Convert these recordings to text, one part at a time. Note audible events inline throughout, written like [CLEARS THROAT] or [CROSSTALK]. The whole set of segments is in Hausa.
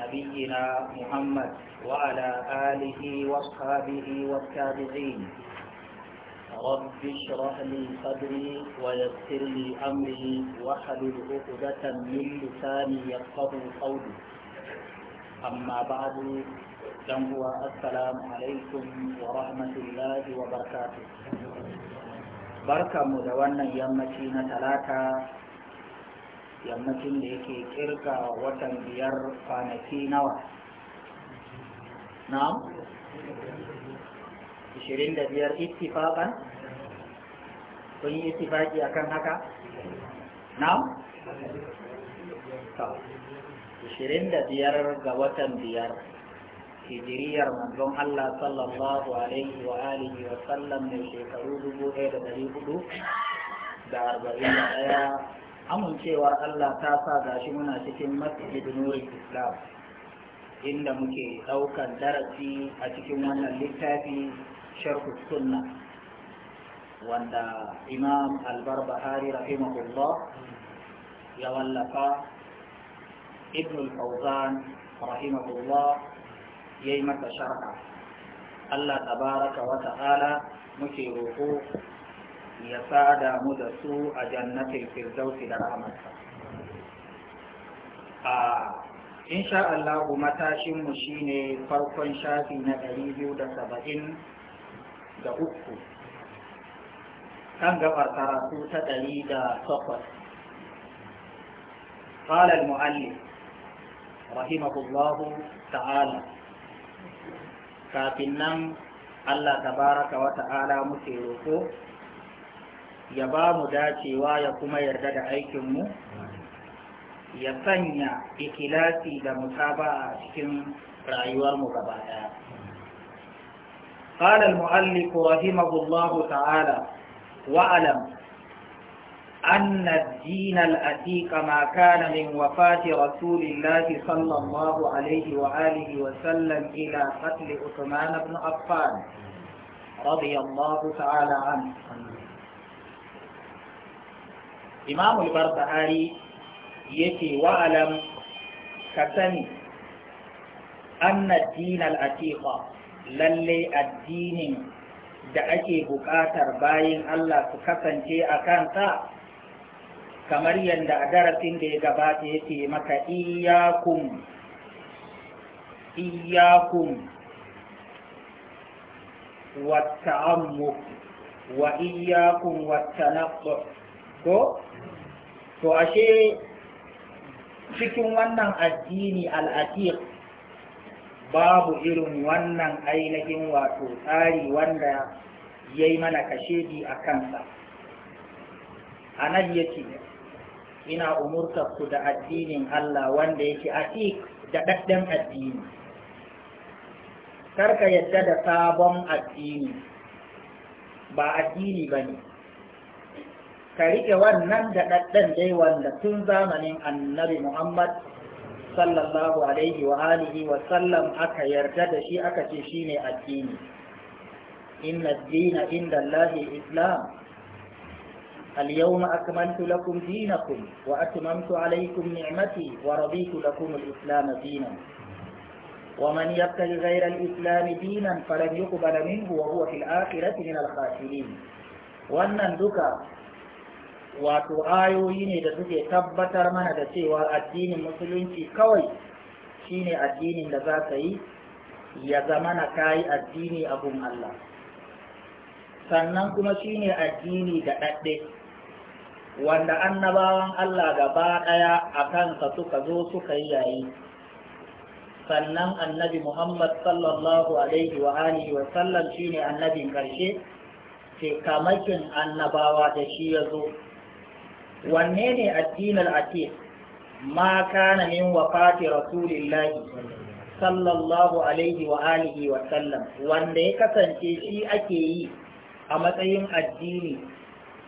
نبينا محمد وعلى آله وصحبه والتابعين رب اشرح لي صدري ويسر لي أمري واحلل عقدة من لساني يفقه قولي أما بعد فهو السلام عليكم ورحمة الله وبركاته بركة مدونة يمتين ثلاثة yammacin da yake kirka watan biyar kwanaki nawa na'am 25 ittifaqan kun yi ittifaqi akan haka na'am da biyar ga watan biyar hijiriyar manzon Allah sallallahu alaihi wa alihi wa sallam mai shekaru dubu ɗaya da dari hudu da arba'in da ɗaya amincewar Allah ta sa gashi muna cikin masjid nurul islam inda muke ɗaukar darasi a cikin wannan littafi sharhu sunna wanda imam albarbahari rahimahullah ya wallafa ibn al-fawzan rahimahullah ya yi masa sharha Allah tabaraka wa ta'ala muke roƙo ya sada mu da su a jannatin firdausi da rahamarsa a insha Allah matashinmu shine farkon shafi na 273 kan gabar karatu ta 108 قال المؤلف رحمه الله تعالى nan Allah tabaraka wa ta'ala muke roƙo ya ba mu dacewa ya kuma yarda da aikinmu ya sanya ikilasi da musaba a cikin rayuwarmu gaba ɗaya. قال المؤلف رحمه الله تعالى واعلم أن الدين الأتيك ما كان من وفاة رسول الله صلى الله عليه وآله وسلم إلى قتل عثمان بن عفان رضي الله تعالى عنه imamul barbahari yake wa'alam ka sani anna al atiqa lalle addinin da ake buƙatar bayin Allah su kasance a sa, kamar yadda a darasin da ya gabata yake maka iyakun iyakun wa wa iyakun wa ko to ashe cikin wannan addini al'atiq babu irin wannan ainihin wato tsari wanda ya yi mana kashedi a kansa a nan yake ina umurtarku da addinin Allah wanda yake atiq da ɗaɗɗen addini karka yadda da sabon addini ba addini ba ne ka wannan da ɗaɗɗan dai wanda tun zamanin annabi Muhammad sallallahu alaihi wa alihi wa sallam aka yarda da shi aka ce shine addini inna ad dina inda Allah islam اليوم أكملت لكم دينكم وأتممت عليكم نعمتي ورضيت لكم الإسلام دينا ومن يبتغي غير الإسلام دينا فلن يقبل منه وهو في الآخرة من الخاسرين وأن duka. wato ayoyi ne da suke tabbatar mana da cewa addinin musulunci kawai shine addinin da za ka yi ya zama na kayi addini abun Allah sannan kuma shine addini da ɗaɗɗe wanda annabawan Allah gaba ɗaya a kansa suka zo suka yi yayi sannan annabi Muhammad sallallahu alaihi wa alihi wa sallam shine annabin ƙarshe ke kamakin annabawa da shi ya zo wanne ne addinin atiq ma kana min wafati rasulillahi sallallahu alaihi wa alihi wa sallam wanda ya kasance shi ake yi a matsayin addini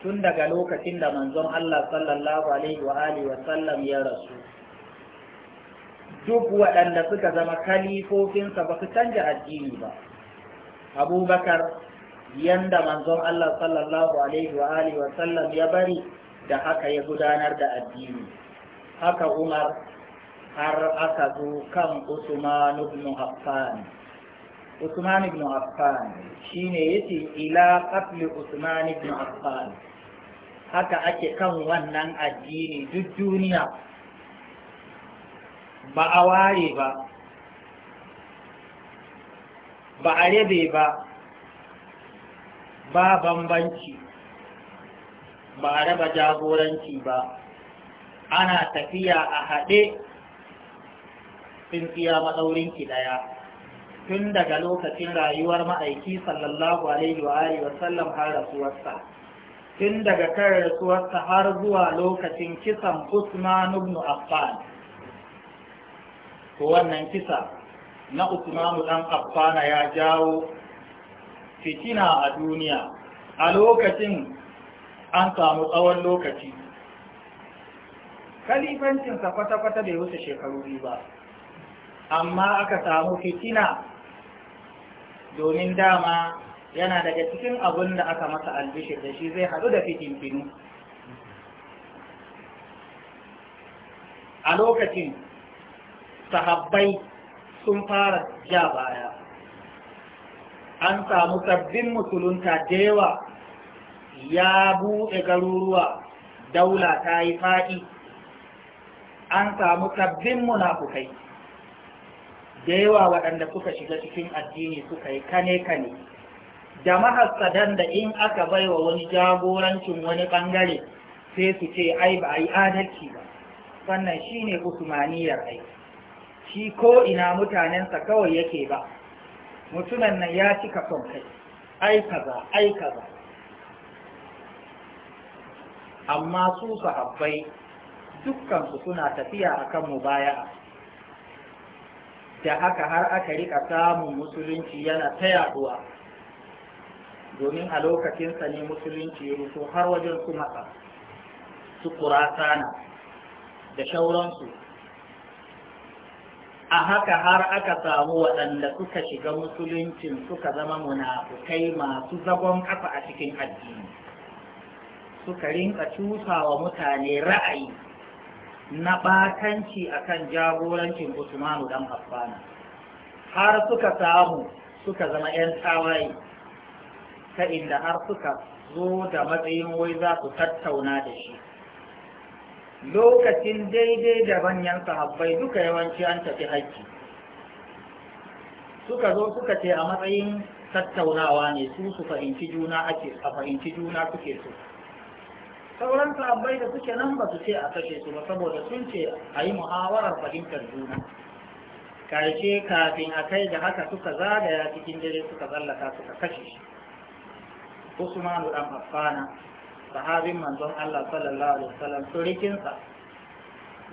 tun daga lokacin da manzon Allah sallallahu alaihi wa alihi wa sallam ya rasu duk waɗanda suka zama kalifofinsa ba su canja addini ba abubakar yanda manzon Allah sallallahu alaihi wa alihi wa sallam ya bari da haka ya gudanar da addini haka umar har aka zo kan usman ibn affan usman ibn affan shine yace ila qatl usman ibn affan haka ake kan wannan addini duk duniya ba a ware ba ba a rabe ba ba bambanci ba a raba jagoranci ba ana tafiya a haɗe tsintsiya ki ɗaya tun daga lokacin rayuwar ma'aiki sallallahu alaihi wa wa sallam har rasuwarsa tun daga kan rasuwarsa har zuwa lokacin kisan Usman ibn Affan ko wannan kisa na Usman dan Affan ya jawo fitina a duniya a lokacin an samu tsawon lokaci kalifancinsa kwata-kwata bai wuce shekaru biyu ba amma aka samu fitina domin dama yana daga cikin abin da aka masa albishir da shi zai haɗu da fitintinu a lokacin sahabbai sun fara ja baya an samu sabbin musulunta da yawa ya buɗe garuruwa daula ta yi faɗi an samu sabbin munafukai da yawa waɗanda suka shiga cikin addini suka yi kane-kane da mahassadan da in aka baiwa wani jagorancin wani ɓangare sai su ce ai ba a yi adalci ba sannan shi ne usmaniyar ai shi ko ina mutanensa kawai yake ba mutumin nan ya cika son kai ai kaza ai kaza amma su sahabbai dukkansu suna tafiya akan mubaya'a da haka har aka rika samun musulunci yana ta yaduwa domin a lokacinsa ne musulunci ya ruso har wajen su matsa su kurasana da shauransu a haka har aka samu waɗanda suka shiga musuluncin suka zama munafukai masu zagon ƙasa a cikin addini suka rinka cusawa mutane ra'ayi na batanci akan jagorancin Usmanu dan Affan har suka samu suka zama 'yan tsawaye ta inda har suka zo da matsayin wai za su tattauna da shi lokacin daidai da banyan sahabbai duka yawanci an tafi hajji suka zo suka ce a matsayin tattaunawa ne su su fahimci juna ake a fahimci juna suke so sauran tabbai da suke nan ba su ce a kashe su ba saboda sun ce a yi muhawarar fahimtar juna karshe kafin a kai da haka suka zagaya cikin dare suka tsallaka suka kashe shi usmanu dan affana sahabin manzon Allah sallallahu alaihi wasallam surikinsa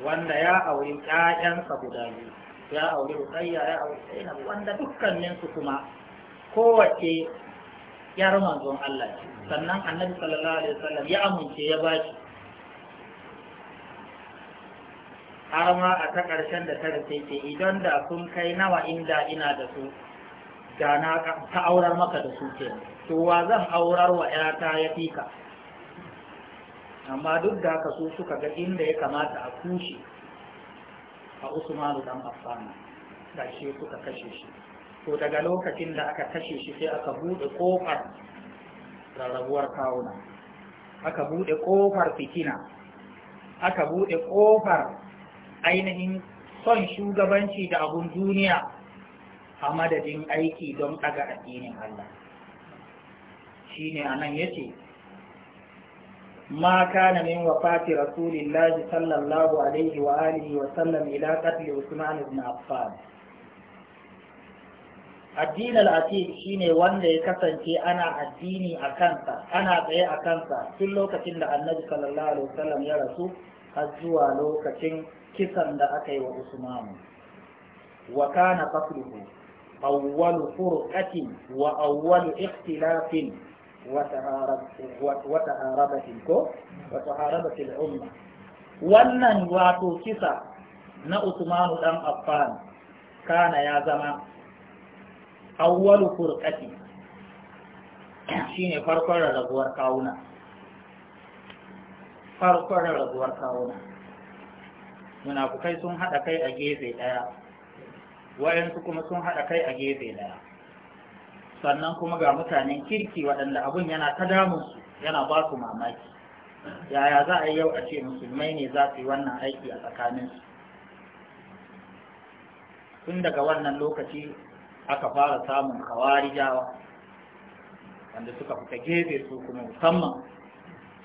wanda ya auri ƴaƴansa guda biyu ya auri Ruqayya ya auri Zainab wanda dukkanin su kuma kowace yar manzon Allah sannan annabi sallallahu alaihi wasallam ya amince ya ba shi har ma a ta ƙarshen da ta rufe ce idan da sun kai nawa inda ina da su da na ta aurar maka da su ke to wa zan aurar wa ƴata ya fika amma duk da haka su suka ga inda ya kamata a kushe a usmanu dan affana da shi suka kashe shi to daga lokacin da aka kashe shi sai aka bude kofar rarrabuwar kawuna aka bude kofar fitina aka bude kofar ainihin son shugabanci da abun duniya a madadin aiki don ɗaga addinin Allah shi ne a nan ya ce ما كان من وفاة رسول الله صلى الله عليه وآله وسلم إلى قتل عثمان بن عفان addinin al'atif shine wanda ya kasance ana addini a kansa ana tsaye a kansa tun lokacin da annabi sallallahu alaihi wasallam ya rasu har zuwa lokacin kisan da aka yi wa usmanu wa kana qatluhu awwalu furqatin wa awwal ikhtilafin wa taharabatin ko wa taharabatil umma wannan wato kisa na usmanu dan affan kana ya zama awwalu furqati shine farkon rarrabuwar kawuna farkon rarrabuwar kawuna munafukai sun haɗa kai a gefe ɗaya wayansu kuma sun haɗa kai a gefe ɗaya sannan kuma ga mutanen kirki waɗanda abun yana ta damunsu yana ba su mamaki yaya za a yi yau a ce musulmai ne za su yi wannan aiki a tsakaninsu tun daga wannan lokaci aka fara samun jawa wanda suka fita gefe su kuma musamman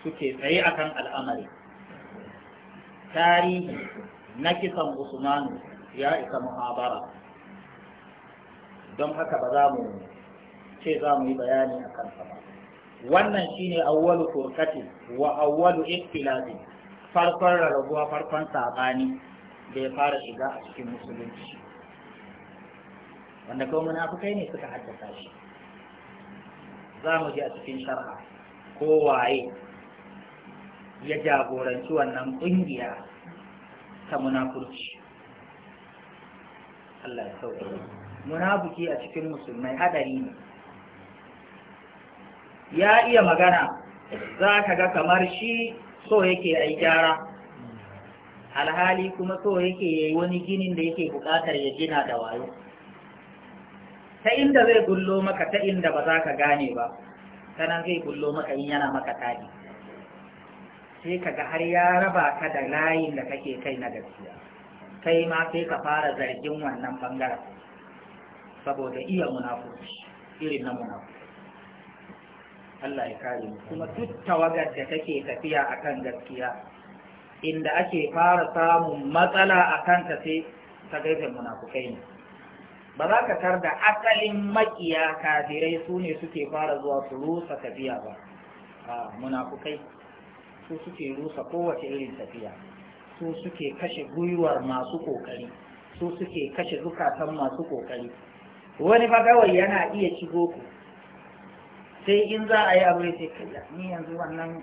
suke tsaye akan al'amari tarihi na kisan usmanu ya isa muhabara don haka ba za mu ce za mu yi bayani a kansa ba wannan shine awwalu furqati wa awwalu ikhtilafi farkon rarrabuwa farkon sabani da ya fara shiga a cikin musulunci wanda kuma kai ne suka haddasa shi za mu je a cikin shar'a ko waye ya jagoranci wannan ƙungiya ta munafurci Allah ya sauke munafuki a cikin musulmai hadari ne ya iya magana za ka ga kamar shi so yake a gyara alhali kuma so yake yayi wani ginin da yake buƙatar ya gina da wayo ta inda zai gullo maka ta inda ba za ka gane ba ta zai gullo maka in yana maka tadi sai ka har ya raba ka da layin da kake kai na gaskiya kai ma sai ka fara zargin wannan bangaren saboda iya munafurci irin na munafurci Allah ya kare mu kuma duk tawagar da take tafiya akan gaskiya inda ake fara samun matsala akan ta sai ta gaifin munafukai ne ba za ka tar da asalin makiya kafirai su ne suke fara zuwa su rusa tafiya ba a munafukai su suke rusa kowace irin tafiya su suke kashe gwiwar masu kokari su suke kashe zukatan masu kokari wani ba gawai yana iya shigo ku sai in za a yi abu sai kai ni yanzu wannan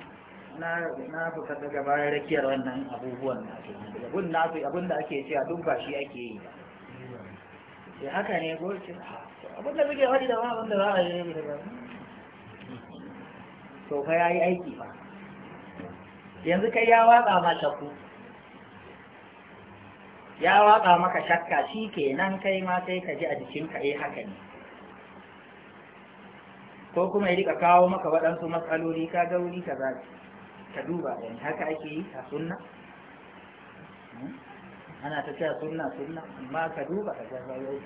na fuka daga bayan rakiyar wannan abubuwan na abun da ake cewa duk ba shi ake yi ba ya eh, haka ne ko ce ah, abin da ba a yi ne ba to fa yi aiki ba yanzu kai ya watsa ma ya watsa maka shakka shi kenan kai ma sai ka ji a jikinka eh haka ne ko kuma ya rika kawo maka waɗansu matsaloli ka ga wuri ka za ka duba yanzu eh, haka ake yi a sunna hmm? ana ta cewa sunna sunna amma ka duba ka ga yau,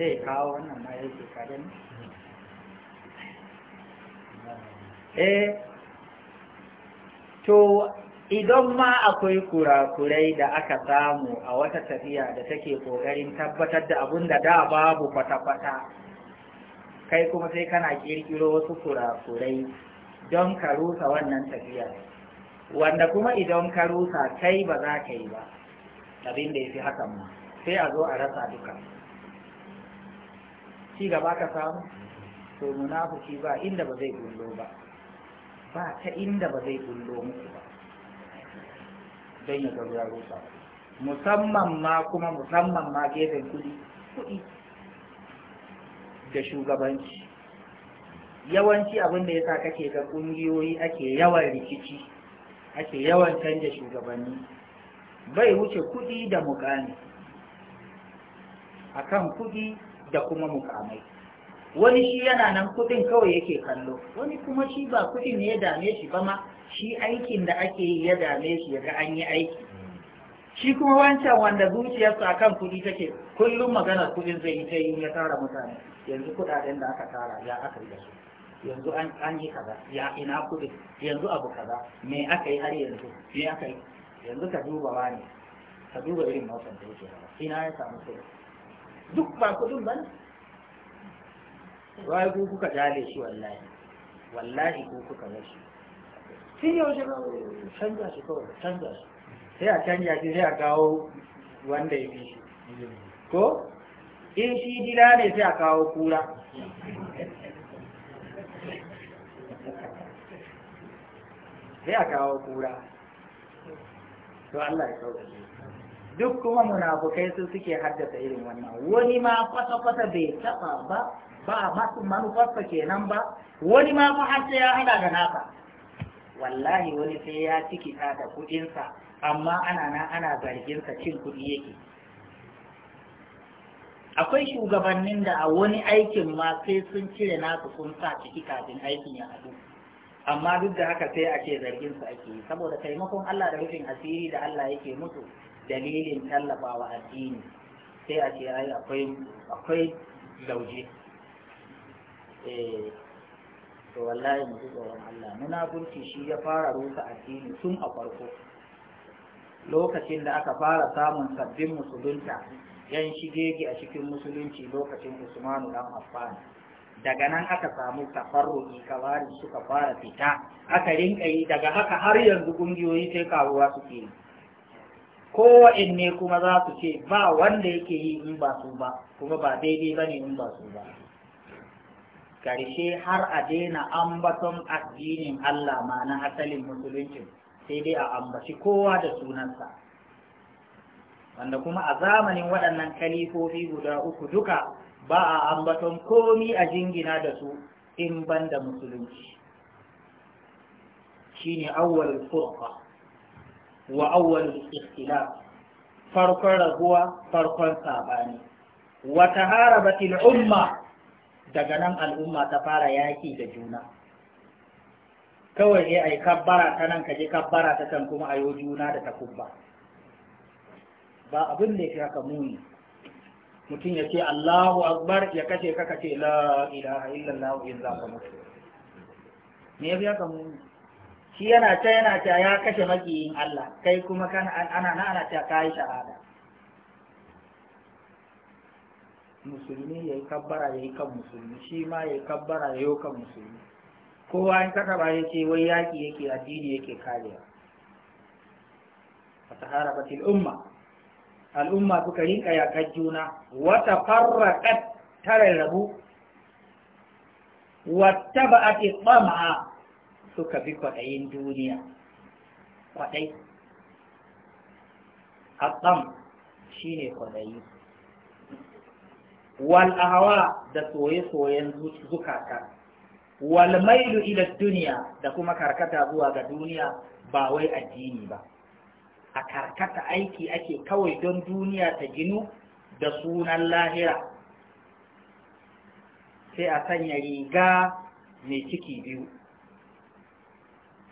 sai kawo wannan ma yake kadan eh to idan ma akwai kurakurai da aka samu a wata tafiya da take kokarin tabbatar da abun da da babu kwata-kwata kai kuma sai kana kirkiro wasu kurakurai don ka rusa wannan tafiyar wanda kuma idan ka rusa kai ba za ka yi ba abin da ya fi hakan ma sai a zo a rasa duka ci gaba ka samu to munafuki ba inda ba zai gullo ba ba ta inda ba zai gullo muku ba don ya gaba rusa musamman ma kuma musamman ma gefen kudi kudi da shugabanci yawanci abin da ya sa kake ga kungiyoyi ake yawan rikici ake yawan canja shugabanni bai wuce kuɗi da mukami akan kuɗi da kuma mukamai wani shi yana nan kuɗin kawai yake kallo wani kuma shi ba kuɗin ne ya dame shi ba ma shi aikin da ake yi ya dame shi ya ga an yi aiki shi kuma wancan wanda zuciyarsa akan kuɗi take kullum maganar kuɗin zai yi ta yi ya tara mutane yanzu kuɗaɗen da aka tara ya aka yi da su yanzu an yi kaza ya ina kudi yanzu abu kaza me aka yi har yanzu me aka yi yanzu ka duba wani ka duba irin mawsan da yake ina ya samu sai duk ba kudin ba ne wai ku kuka jale shi wallahi wallahi ku kuka bar shi yau shi ba canza shi kawai canza shi sai a canja shi sai a kawo wanda ya fi shi ko in shi dila ne sai a kawo kura sai a kawo kura to Allah ya kawo duk kuma munafukai su suke haddasa irin wannan wani ma kwata-kwata bai taba ba ba masu manufarsa kenan ba wani ma fa har sai ya hada da nasa wallahi wani sai ya ciki da kuɗinsa amma ana na ana zarginsa cin kuɗi yake akwai shugabannin da a wani aikin ma sai sun cire nasu sun sa ciki kafin aikin ya haɗu amma duk da haka sai ake zargin su ake yi saboda taimakon Allah da rufin asiri da Allah yake mutu, dalilin tallafawa addini sai a ce ai akwai akwai lauje eh to wallahi mu ji tsoron Allah munafurci shi ya fara rusa addini tun a farko lokacin da aka fara samun sabbin musulunta yan shigegi a cikin musulunci lokacin Usmanu dan Affan daga nan aka samu tafarruki kawari suka fara fita aka rinka yi daga haka har yanzu ƙungiyoyi sai kawuwa suke yi ne kuma za su ce ba wanda yake yi in ba su ba kuma ba daidai ba ne in ba su ba karshe har a daina ambaton addinin Allah ma na asalin musulunci sai dai a ambaci kowa da sunansa wanda kuma a zamanin waɗannan kalifofi guda uku duka ba a ambaton komi a jingina da su in ban da musulunci Shi ne awwalul furqa wa awwalul ikhtilaf farkon raguwa farkon sabani Wata taharabatil umma daga nan al'umma ta fara yaki da juna kawai ne ai kabbara ta nan kaje kabbara ta kan kuma ayo juna da takubba ba abin da ya fi haka muni mutum ya ce Allahu akbar ya kace kaka ce la ilaha illallah in za ka mutu me ya ka mu shi yana ta yana ta ya kashe makiyin Allah kai kuma kana ana na ana ta kai shahada musulmi ya yi kabbara ya yi kan musulmi shi ma ya yi kabbara ya yi kan musulmi kowa in kaka ba ya wai yaƙi yake addini yake kariya fata harabatil umma al'umma suka rinka yakar juna wata farraƙat tare rabu wata ba a ke ɓama suka bi kwaɗayin duniya kwaɗai haƙam shi ne kwaɗayi wal da soye-soyen zukata wal mailu ila duniya da kuma karkata zuwa ga duniya ba wai addini ba a karkata aiki ake kawai don duniya ta ginu da sunan lahira sai a sanya riga mai ciki biyu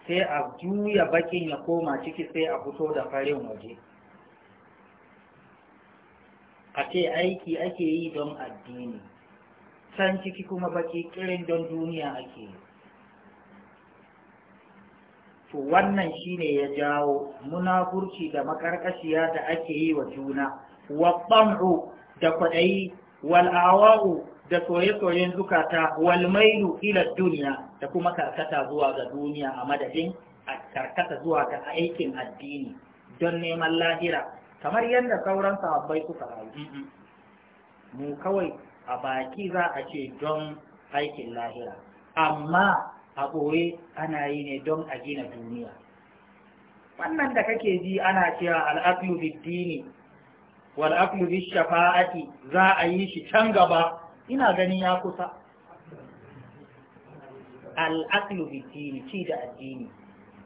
sai a juya bakin ya koma ciki sai a fito da farin waje a ce aiki ake yi don addini san ciki kuma baki kirin don duniya ake yi to wannan ne ya jawo munafurci da makarƙashiya da ake yi wa juna wa tsam'u da kwaɗayi wal da soye-soyen zukata wal mailu ila duniya da kuma karkata zuwa ga duniya a madadin a karkata zuwa ga aikin addini don neman lahira kamar yadda sauran sahabbai kuka rayu mu kawai a baki za a ce don aikin lahira amma a ɓoye ana yi ne don a gina duniya wannan da kake ji ana cewa al'aqlu Biddini, dini shafa'ati za a yi shi can gaba ina gani ya kusa al'aqlu Biddini ci da addini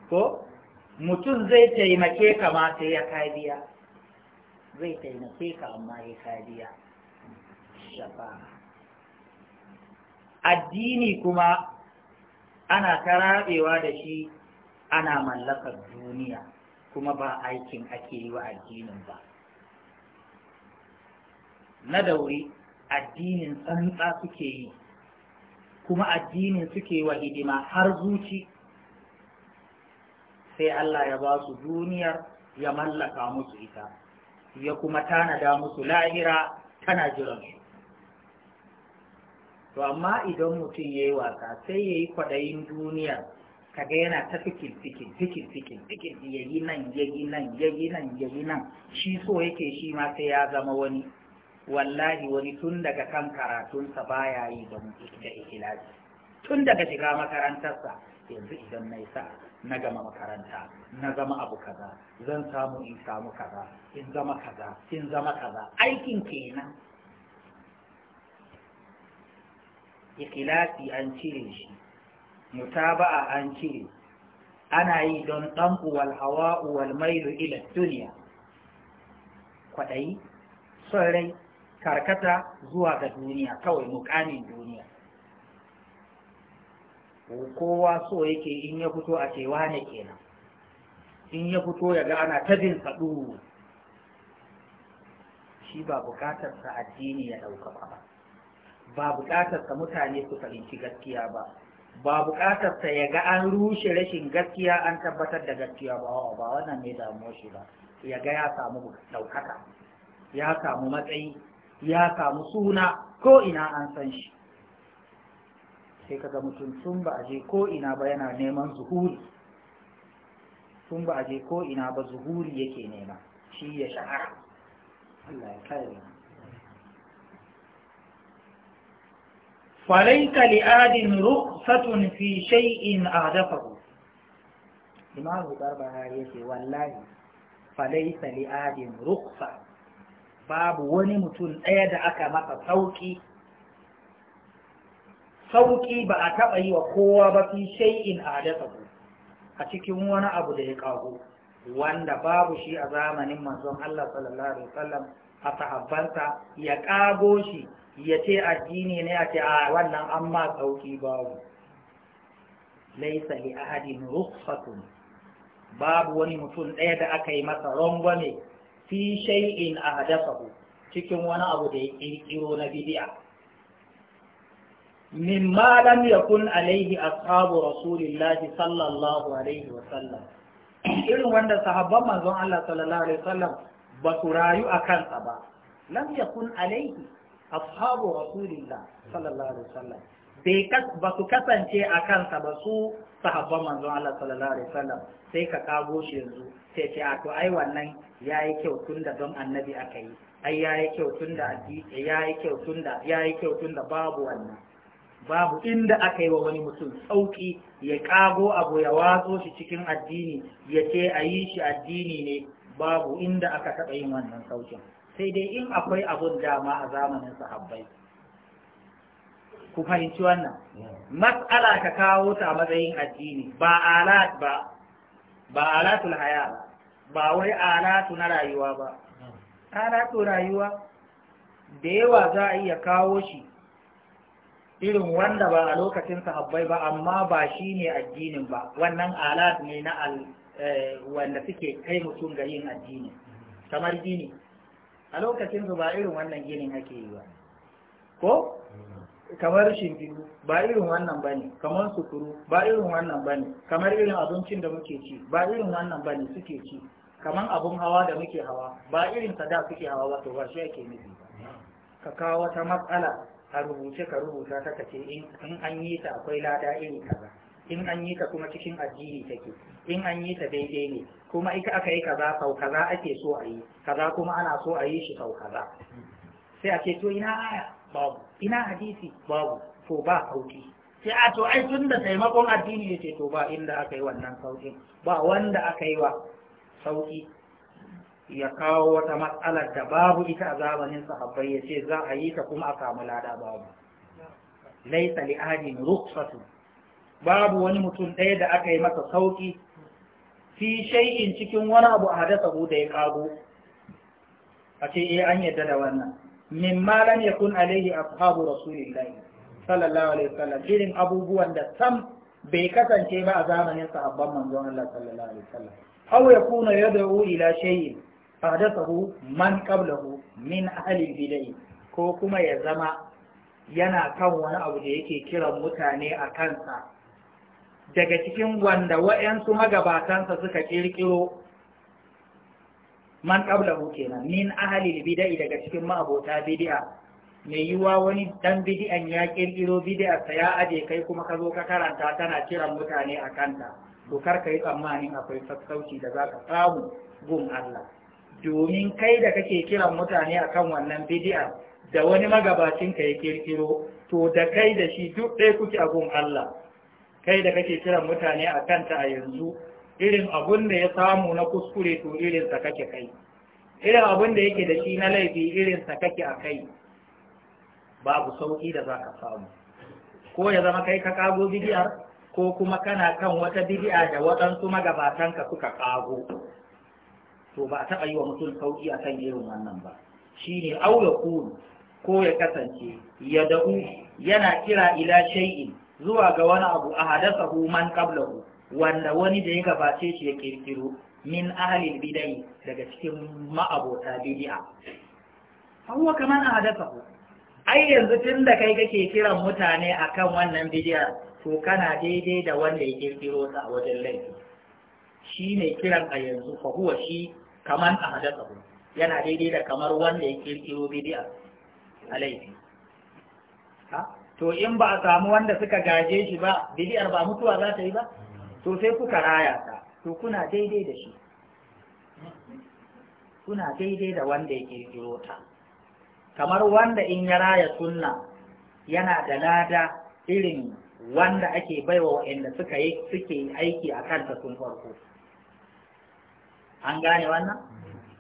ko mutum zai taimake ka ma sai ya kariya zai taimake ka amma ya kariya shafa'a addini kuma ana ta karabewa da shi ana mallakar duniya kuma ba aikin ake yi wa addinin ba na dauri addinin tsantsa suke yi kuma addinin suke wa hidima har zuci sai Allah ya ba su duniyar ya mallaka musu ita ya kuma tanada musu lahira tana jiransu to amma idan mutum ya yi wasa sai ya yi kwaɗayin duniya kaga yana ta fikir fikir fikir fikir fikir ya yi nan ya yi nan ya yi nan ya yi nan shi so yake shi ma sai ya zama wani wallahi wani tun daga kan karatunsa baya yi da da tun daga shiga makarantarsa yanzu idan na sa na gama makaranta na zama abu kaza zan samu in samu kaza in zama kaza in zama kaza aikin kenan ikhlasi an cire shi mutaba'a an cire ana yi don ɗan uwal hawa uwal mailu ila duniya kwaɗayi son karkata zuwa ga duniya kawai mukamin duniya kowa so yake in ya fito a cewa ne kenan in ya fito ya ga ana ta bin shi ba bukatarsa addini ya ɗauka ba ba buƙatar ka mutane su fahimci gaskiya ba ba buƙatar ta ya ga an rushe rashin gaskiya an tabbatar da gaskiya ba ba wannan ne damuwar shi ba ya ga ya samu ɗaukaka ya samu matsayi ya samu suna ko ina an san shi sai kaga mutum tun ba a je ko ina ba yana neman zuhuri tun ba a je ko ina ba zuhuri yake nema shi ya shahara Allah ya kare mu falaita li'adin rukhsatun fi shay'in ahdathahu imamu barbahari yace wallahi falaita li'adin rukhsa babu wani mutum ɗaya da aka masa sauki ba a taɓa yi wa kowa ba fi shay'in ahdathahu a cikin wani abu da ya kago wanda babu shi a zamanin manzon Allah sallallahu alaihi wasallam a sahabbansa ya kago shi ya ce addini ne a ce a wannan an ma sauki babu laisa li ahadin rukhsatun babu wani mutum ɗaya da aka yi masa rangwame fi shay'in ahdathahu cikin wani abu da ya kirkiro na bid'a mimma lam yakun alaihi ashabu rasulillahi sallallahu alaihi wa sallam irin wanda sahabban manzon Allah sallallahu alaihi wa sallam ba su rayu a kansa ba lam yakun alaihi ashabu rasulillah sallallahu alaihi wasallam bai ba su kasance a kansa ba su sahabban manzon Allah sallallahu alaihi wasallam sai ka kago shi yanzu sai ce a to ai wannan yayi kyau tunda da don annabi aka yi ai yayi kyau tunda da yayi kyau tunda yayi kyau tunda babu wannan babu inda aka yi wa wani mutum sauki ya kago abu ya watso shi cikin addini ya ce a yi shi addini ne babu inda aka taɓa yin wannan saukin sai dai in akwai abun dama a zamanin sahabbai ku fahimci wannan mas'ala ka kawo ta matsayin addini ba alat ba ba alatul haya ba wai alatu na rayuwa ba alatu rayuwa da yawa za a iya kawo shi irin wanda ba a lokacin sahabbai ba amma ba shi ne addinin ba wannan alat ne na eh, wanda suke kai mutum ga yin addini kamar gini a lokacin su ba irin wannan ginin ake yi ba ko kamar shimfiɗu ba irin wannan bane kamar sukuru ba irin wannan bane kamar irin abincin da muke ci ba irin wannan bane suke ci kamar abun hawa da muke hawa ba irin sada suke hawa ba to ba shi ake nufi ka kawo wata matsala a rubuce ka rubuta ta kace in an yi ta akwai lada iri kaza in an yi ta kuma cikin addini take in an yi ta daidai ne kuma ita aka yi kaza sau kaza ake so a yi kaza kuma ana so a yi shi sau kaza sai a ce to ina aya babu ina hadisi babu to ba sauki sai a to ai tun da taimakon addini ya ce to ba inda aka yi wannan sauki ba wanda aka yi wa sauki ya kawo wata matsalar da babu ita a zamanin sahabbai ya ce za a yi ta kuma a samu lada babu laisa li ahadin rukhsatu babu wani mutum ɗaya da aka yi masa sauki fi shay'in cikin wani abu a hadasa da ya kago a ce eh an yadda da wannan ma lam yakun alaihi ashabu rasulillahi sallallahu alaihi wasallam irin abubuwan da sam bai kasance ba a zamanin sahabban manzon Allah sallallahu alaihi wasallam aw yakuna yad'u ila shay'in ahdathahu man qablahu min ahli bid'ah ko kuma ya zama yana kan wani abu da yake kiran mutane a kansa daga cikin wanda wa'yansu magabatansa suka ƙirƙiro man ƙablahu kenan min ahalil bida'i daga cikin ma'abota bidi'a mai yiwuwa wani dan bidi'an ya ƙirƙiro sa ya aje kai kuma ka zo ka karanta tana kiran mutane a kanta to kar ka yi tsammanin akwai sassauci da za ka samu gun Allah domin kai da kake kiran mutane akan wannan bidi'a da wani magabacin ka ya ƙirƙiro to da kai da shi duk ɗaya kuke a gun Allah kai da kake kiran mutane a kanta a yanzu irin abun da ya samu na kuskure to irinsa kake kai irin abun da yake da shi na laifi irinsa kake a kai babu sauƙi da za ka samu ko ya zama kai ka kago bidiyar ko kuma kana kan wata bidiya da waɗansu magabatanka suka kago to ba a taɓa yi wa mutum sauƙi a kan irin wannan ba shi ne aula ko ya kasance ya da'u yana kira ila shay'in zuwa ga wani abu a hadasa man kablahu wanda wani da ya gabace shi ya kirkiro min ahalin bidai daga cikin ma'abota kamar a hadasa ahdathahu ai yanzu tun da kai kake kiran mutane a kan wannan bidiya to kana daidai da wanda ya kirkiro ta a wajen laifi shi ne kiran a yanzu shi kamar shi hadasa ahdathahu yana daidai da kamar wanda ya kirkiro bid'a a laifi to in ba a samu wanda suka gaje shi ba bidiyar ba mutuwa za ta yi ba to sai kuka raya ta to kuna daidai da shi kuna daidai da wanda ya kirkiro ta kamar wanda in ya raya sunna yana da lada irin wanda ake baiwa waɗanda suka yi suke aiki a kanta sun farko an gane wannan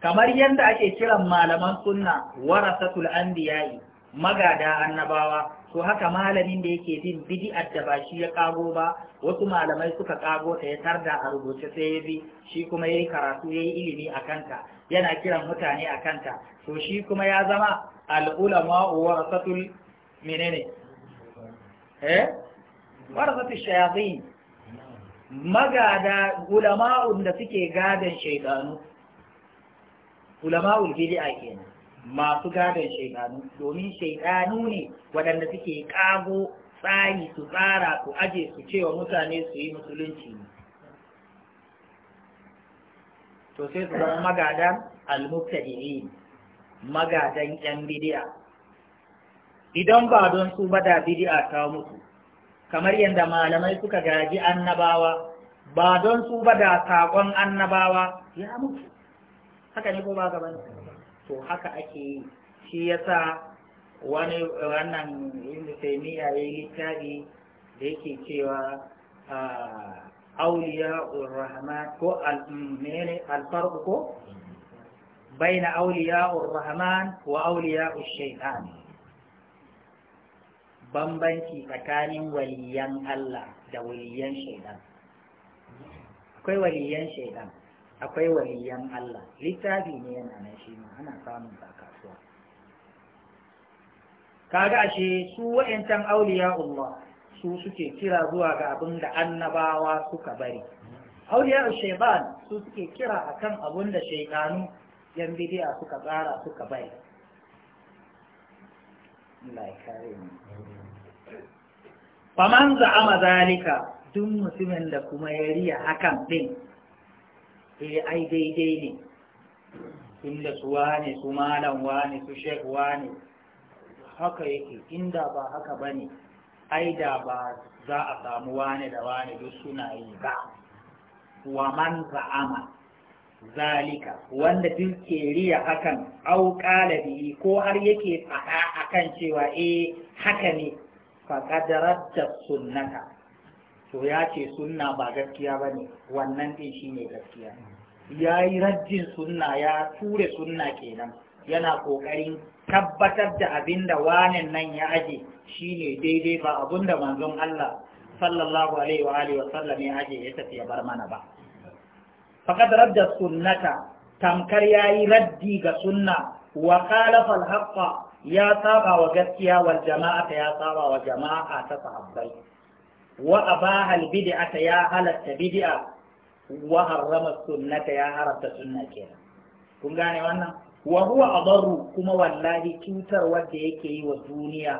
kamar yadda ake kiran malaman sunna warasatul anbiya'i magada annabawa so haka malamin da yake bin bid'ar da ba shi ya kago ba wasu malamai suka kago ta ya tarda a rubuce sai ya bi shi kuma yayi karatu yayi ilimi a kanta yana kiran mutane a kanta to shi kuma ya zama al ulama rasatul menene eh warasatul shayatin magada ulama'un da suke gadan shaydanu ulama'ul bid'a kenan masu gadon shaidanu domin shaidanu ne waɗanda suke ƙago tsari su tsara su aje su cewa mutane su yi musulunci ne to sai su zama magadan almuktadi'in magadan yan bidi'a idan ba don su ba da bidi'a ta mutu kamar yadda malamai suka gaji annabawa ba don su ba da saƙon annabawa ya mutu haka ne ko ba ka bane to haka ake yi shi yasa wani wannan ibnu ya yi littafi da yake cewa auliya ah, rahman ko menene alfarku ko baina auliya rahman wa auliya shaytan bambanci tsakanin waliyan Allah da waliyan shaidan akwai waliyan shaidan akwai waliyan Allah littafi ne yana nan shi ma ana samun sa kasuwa kaga ashe su wa'yancan Allah su suke kira zuwa ga abin annabawa suka bari auliya shaytan su suke kira akan abin da shaitanu yan bidiya suka tsara suka bari faman za'ama zalika duk mutumin da kuma ya riya hakan din E, ai daidai ne tunda su wane su malam wane su shek wane haka yake inda ba haka bane ai da ba za a samu wane da wane duk suna yi ba wa man za'ama zalika wanda duk ke riya hakan au bihi ko har yake faɗa akan cewa eh haka ne faqad radda sunnata to ya ce sunna ba gaskiya ba ne wannan ɗin shi ne gaskiya ya yi rajin sunna ya ture sunna kenan yana ƙoƙarin tabbatar da abin da wanen nan ya aje shi ne daidai ba abin da manzon Allah sallallahu alaihi wa alihi wa sallam ya aje ya tafi ya bar mana ba faqad radda sunnata tamkar yayi raddi ga sunna wa khalafa al ya saba wa gaskiya wal jama'a ya saba wa jama'a ta sahabbai wa abaha albid'ata ya halatta bid'a wa harrama ya haramta sunna kenan kun gane wannan wa huwa kuma wallahi cutar wanda yake yi wa duniya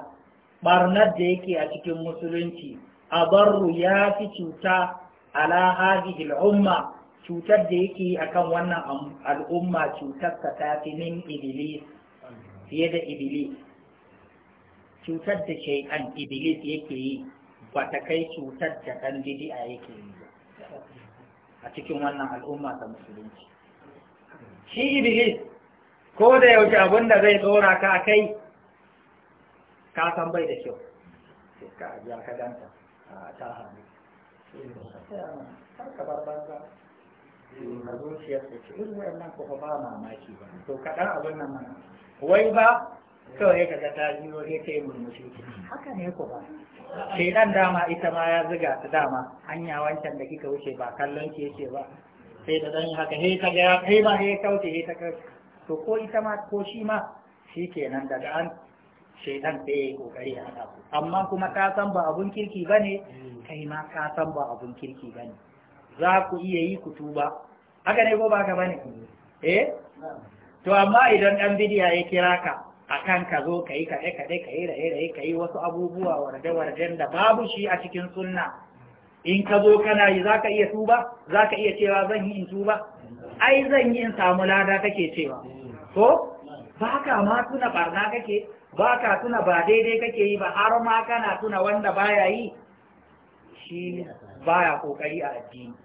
barnar da yake a cikin musulunci adarru ya fi cuta ala hadhihi umma cutar da yake akan wannan al'umma cutar ta cutar da yake yi ba ta kai cutar da ɗan bidi'a yake yi ba. a cikin wannan al'umma ta musulunci shi iblis ko da yaushe abin da zai tsora ka kai ka san bai da kyau ka ajiya ka ganta a ta hannu ka bar banza a zuciyar da ce irin wayannan ko ba mamaki ba to kaɗan abin nan mana wai ba kawai ka ga ta jiro sai ta yi murmushi haka ne ko ba dan dama ita ma ya ziga ta dama hanya wancan da kika wuce ba kallon ki yake ba sai da dan haka he ka ga kai ba he kauce he ta kauce to ko ita ma ko shi ma shi kenan daga an shaidan sai ya yi kokari a haɗa amma kuma ka san ba abun kirki ba ne kai ma ka san ba abun kirki ba ne za ku iya yi ku tuba haka ne ko ba ka ba ne eh to amma idan ɗan bidiya ya kira ka akan ka zo ka yi kaɗe kaɗe ka yi raye raye ka yi wasu abubuwa warje warjen da babu shi a cikin sunna in ka zo kana yi za ka iya tuba za ka iya cewa zan yi in tuba ai zan yi in samu lada kake cewa Ko ba ka ma tuna barna kake ba ka tuna ba daidai kake yi ba har ma kana tuna wanda baya yi shi baya kokari a addini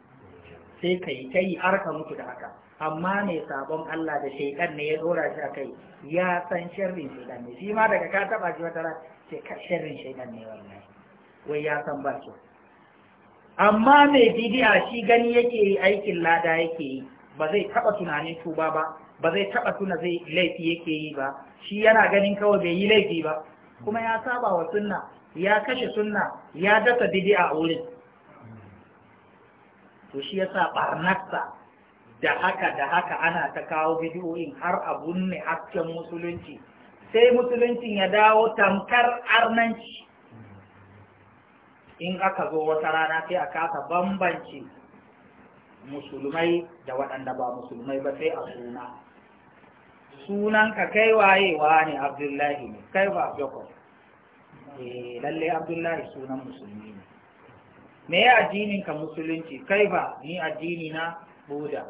sai ka yi ta yi har ka mutu da haka amma mai sabon Allah da shaidan ne ya dora shi kai. ya san sharrin shaidan ne shi ma daga ka taɓa shi wata ran sai ka sharrin shaidan ne wannan wai ya san ba shi amma mai bidi'a shi gani yake yi aikin lada yake yi ba zai taba tunanin tuba ba ba zai taba tuna zai laifi yake yi ba shi yana ganin kawai bai yi laifi ba kuma ya saba wa sunna ya kashe sunna ya dasa bidi'a a wurin to shi yasa barnarsa da haka da haka ana ta kawo bidiyoyin har abun ne hasken musulunci sai musuluncin ya dawo tamkar arnanci in aka zo wata rana sai a kasa bambance musulmai da waɗanda ba musulmai ba sai a suna sunanka kai wayewa ne abdullahi ne kai ba jacob E, lalle abdullahi sunan musulmi ne me ya addinin ka musulunci kai ba ni addini na buda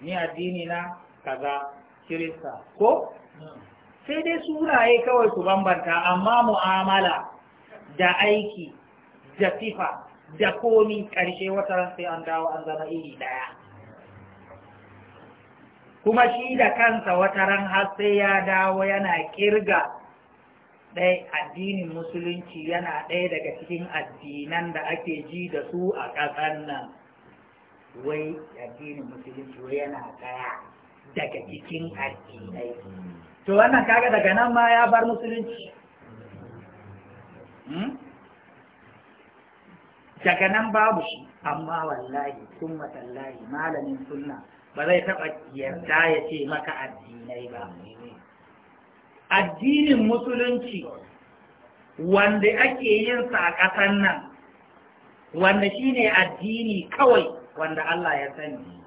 ni addini na kaza kirista ko sai dai sunaye kawai su bambanta amma mu'amala da aiki da sifa da komi Karshe wata ran sai an dawo an zama iri ɗaya kuma shi da kansa wata ran har sai ya dawo yana kirga ɗaya addinin musulunci yana ɗaya daga cikin addinan da ake ji da su a ƙasar nan wai addinin musulunci wai yana tsaya daga cikin addinai to wannan kaga daga nan ma ya bar musulunci hmm? daga nan babu shi amma wallahi sun matallahi malamin sunna ba zai taɓa yarda ya ce maka addinai ba addinin musulunci wanda ake yinsa a ƙasan nan wanda shine addini kawai wanda Allah ya sani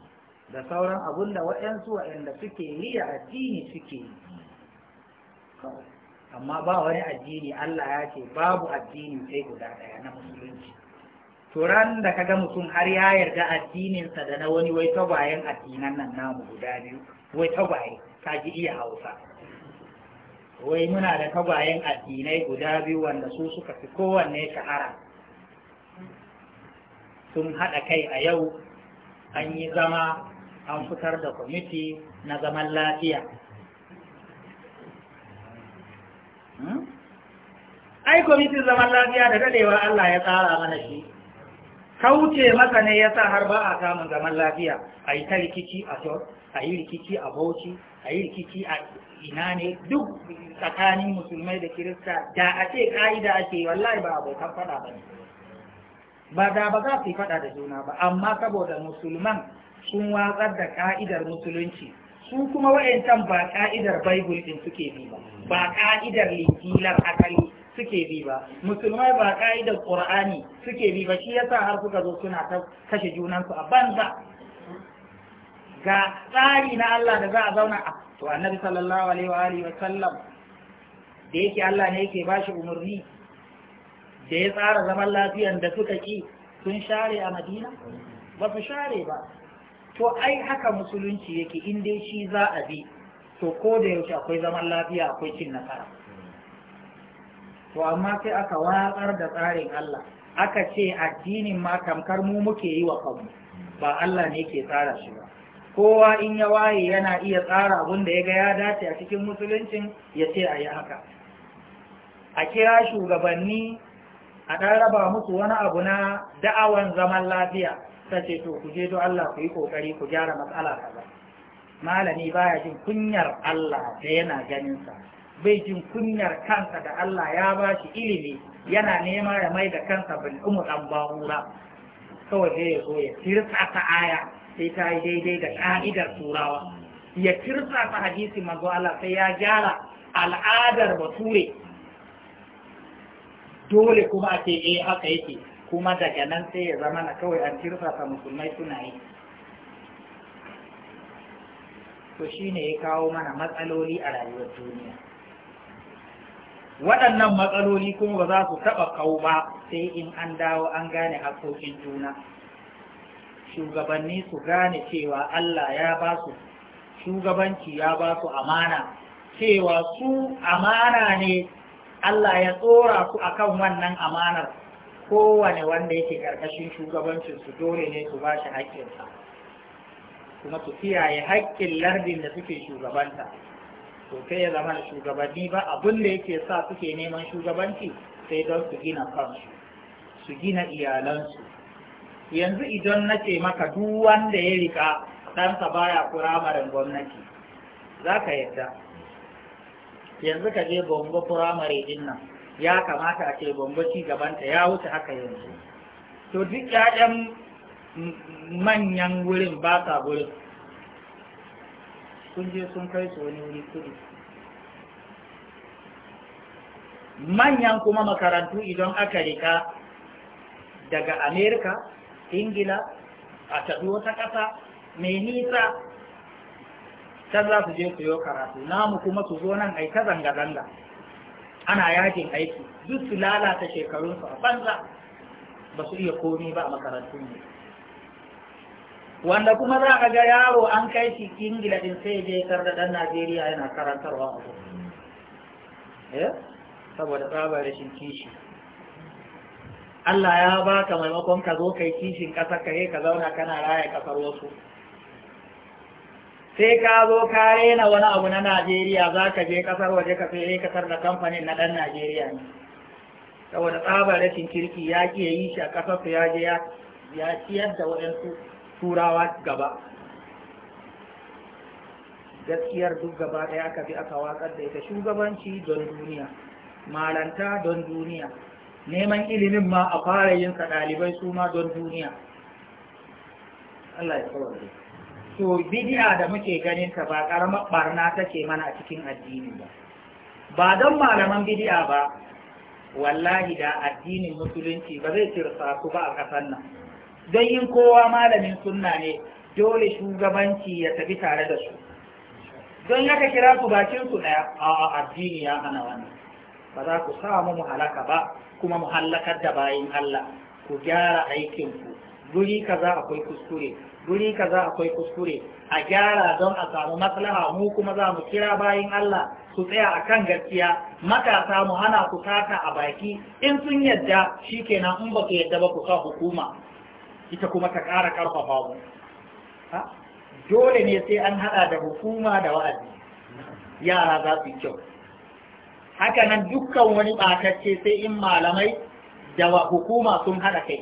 da sauran abun da waɗansu waɗanda suke yi a addini suke yi amma ba wani addini Allah ya ce babu addini sai guda ɗaya na musulunci turan da kaga mutum har ya yarda addininsa da na wani wai tagwayen addinan nan namu guda biyu wai tagwaye ka ji iya hausa wai muna da tagwayen addinai guda biyu wanda su suka fi kowanne shahara sun haɗa kai a yau an yi zama an fitar da kwamiti na zaman lafiya hmm? ai kwamitin zaman lafiya da dadewa Allah ya tsara mana shi kauce masa ne ya sa har ba a samun zaman lafiya a yi rikici a shor a yi rikici a bauchi a yi rikici a ina ne duk tsakanin musulmai da kirista da a ce ka'ida ake wallahi ba abokan fada ba ne ba da ba za su yi faɗa da juna ba amma saboda musulman sun watsar da ka'idar musulunci su kuma wa'yancan ba ka'idar baibul ɗin suke bi ba ba ka'idar linjilar akali suke bi ba musulmai ba ka'idar qur'ani suke bi ba shi yasa har suka zo suna ta kashe junansu a banza ga tsari na Allah da za a zauna a to annabi sallallahu alaihi wa alihi wa sallam da yake Allah ne yake bashi umarni da ya tsara zaman lafiyar da suka ƙi sun share a madina ba su share ba to ai haka musulunci yake in dai shi za a bi to ko da yaushe akwai zaman lafiya akwai cin nasara to amma sai aka watsar da tsarin Allah aka ce addinin ma tamkar mu muke yi wa kanmu ba Allah ne ke tsara shi ba kowa in ya waye yana iya tsara abin da ya ga ya dace a cikin musuluncin ya ce a yi haka a kira shugabanni a ɗan raba musu wani abu na da'awan zaman lafiya ta ce to ku je do Allah ku yi ƙoƙari ku gyara matsala kaza malami baya jin kunyar Allah da yana ganinsa bai jin kunyar kansa da Allah ya ba shi ilimi yana nema ya mai da kansa bin umu ɗan ba'ura kawai sai ya zo ya tirsa ta aya sai ta yi daidai da ƙa'idar turawa ya tirsa ta hadisi manzo Allah sai ya gyara al'adar bature dole kuma a ce eh haka yake kuma daga nan sai ya zama na kawai an kirfasa musulmai suna yi to shi ne ya kawo mana matsaloli a rayuwar duniya waɗannan matsaloli kuma ba za su taɓa kawo ba sai in an dawo an gane haƙoƙin juna shugabanni su gane cewa Allah ya ba su shugabanci ya ba su amana cewa su amana ne Allah ya tsora ku kan wannan amanar kowane wanda yake ƙarƙashin shugabancin su dole ne su ba shi haƙƙinsa kuma su kiyaye haƙƙin lardin da suke shugabanta to kai ya zama shugabanni ba abin da yake sa suke neman shugabanci sai don su gina kansu su gina iyalansu yanzu idan na ce maka duk wanda ya rika ɗansa baya kuramarin gwamnati za ka yadda yanzu ka je bombo firamare din nan ya kamata a ce bombo ci gabanta ya wuce haka yanzu to duk ƴaƴan manyan wurin ba sa wurin sun je sun kai su wani wuri kudu manyan kuma makarantu idan aka rika daga amerika ingila a tabi wata ƙasa mai nisa can za su je su yi karatu namu kuma su zo nan ai ta zanga-zanga ana yakin aiki duk su lalata shekarunsu a banza ba su iya komi ba a makarantun ne wanda kuma za ka ga yaro an kai shi ingila din sai je kar da dan najeriya yana karantarwa a eh saboda tsabar rashin kishi Allah ya baka maimakon ka zo kai kishin ƙasar ka ka zauna kana raya ƙasar wasu sai ka zo ka rena wani abu na Najeriya za ka je kasar waje ka sai kasar da kamfanin na ɗan Najeriya ne saboda tsabar rashin kirki ya ki yi shi a kasar su ya ya ciyar da waɗansu turawa gaba gaskiyar duk gaba ɗaya aka bi aka wakar da ita shugabanci don duniya malanta don duniya neman ilimin ma a fara yin ɗalibai su ma don duniya Allah ya kawar to bidiya da muke ganin ta ba karamar barna take mana a cikin addini ba ba don malaman bidiya ba wallahi da addinin musulunci ba zai cirsa su ba a ƙasar nan don yin kowa malamin sunna ne dole shugabanci ya tafi tare da su don yaka kira su bakin ku ɗaya a addini ya hana wannan ba za ku samu mu halaka ba kuma mu hallakar da bayin Allah ku gyara aikin ku guri kaza akwai kuskure guri kaza akwai kuskure a gyara don a samu maslaha mu kuma za mu kira bayan Allah su tsaya a kan gaskiya matasa mu hana ku sata a baki in sun yadda shikenan in ba ku yadda ba ku sa hukuma ita kuma ta ƙara ƙarfafa mu dole ne sai an haɗa da hukuma da wa'azi yara za su yi kyau haka nan dukkan wani ɓatacce sai in malamai da hukuma sun haɗa kai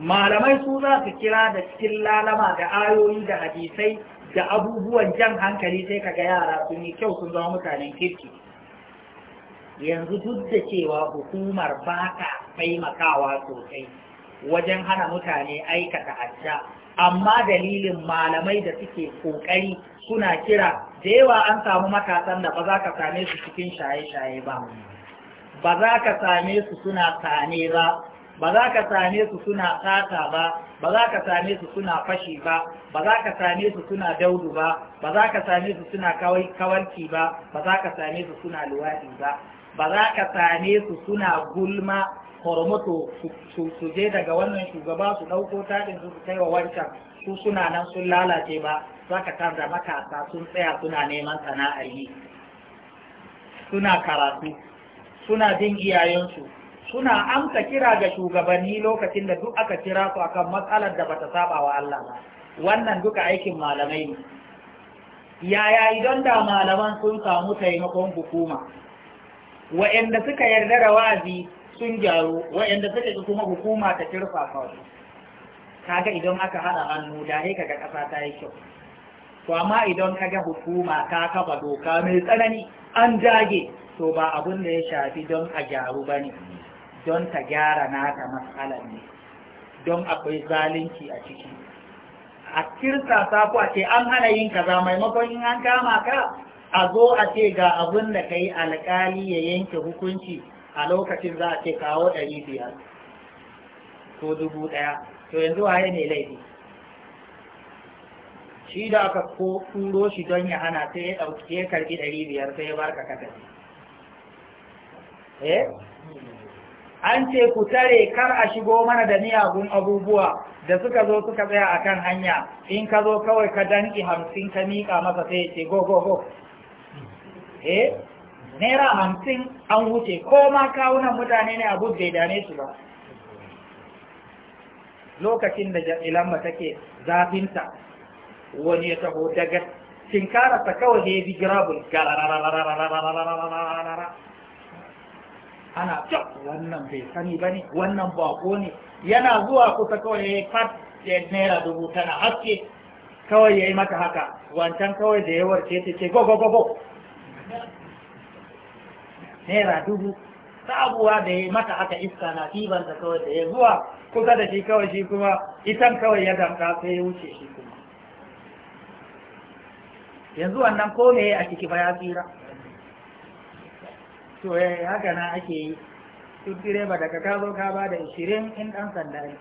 malamai su za su kira da cikin lalama da ayoyi da hadisai da abubuwan jan hankali sai kaga yara sun yi kyau sun zama mutanen kirki yanzu duk da cewa hukumar ba ta taimakawa sosai wajen hana mutane aikata hajja amma dalilin malamai da suke kokari suna kira da yawa an samu matasan da ba za ka same su cikin shaye-shaye ba ba za ka same su suna sane ba ba za ka same su suna sata ba ba za ka same su suna fashi ba ba za ka same su suna daudu ba ba za ka same su suna kawarki ba ba za ka same su suna luwaɗi ba ba za ka same su suna gulma hormoto su je daga wannan shugaba su ɗauko taɗin su kai wa wancan su suna nan sun lalace ba za ka tarda matasa sun tsaya suna neman sana'ar yi suna karatu suna jin iyayensu suna amsa kira ga shugabanni lokacin da duk aka kira su akan matsalar da bata saba wa Allah ba wannan duka aikin malamai ne yaya idan da malaman sun samu taimakon hukuma wa'anda suka yarda da wazi sun gyaru wa'anda suka yi kuma hukuma ta kirfa kawai kaga idan aka hada hannu da sai ga kasa ta yi kyau to amma idan kaga hukuma ta kafa doka mai tsanani an jage to ba abun da ya shafi don a gyaru bane don ta gyara naka matsalar ne don akwai zalunci a ciki a kirsa saku a ce an hana yin kaza maimakon in an kama ka a zo a ce ga abin da ka yi alƙali ya yanke hukunci a lokacin za a ce kawo ɗari biyar ko dubu ɗaya to yanzu yi ne laifi shi da aka ko turo shi don ya hana sai ya ɗauki ya karɓi ɗari biyar sai ya barka ka eh an ce ku tare kar a shigo mana da miyagun abubuwa da suka zo suka tsaya a kan hanya in ka zo kawai ka danki hamsin ka miƙa masa sai ya ce go go go eh naira hamsin an wuce ko ma kawunan mutane ne abu bai dane su ba lokacin da lamba take zafinta wani ya taho daga tinkararsa kawai ya bi garabul ana wannan bai sani ba ne wannan bako ne yana zuwa kusa kawai ya yi fat ya naira dubu tana haske kawai ya yi mata haka wancan kawai da yawar ce ta ce go go go naira dubu sabuwa da ya yi mata haka iska na ɗiban da kawai da ya zuwa kusa da shi kawai shi kuma itan kawai ya damta sai ya wuce shi kuma yanzu wannan ko ne a ciki ba ya tsira to eh, haka na ake yi duk direba daga ka ka ba da 20 in ɗan sanda ne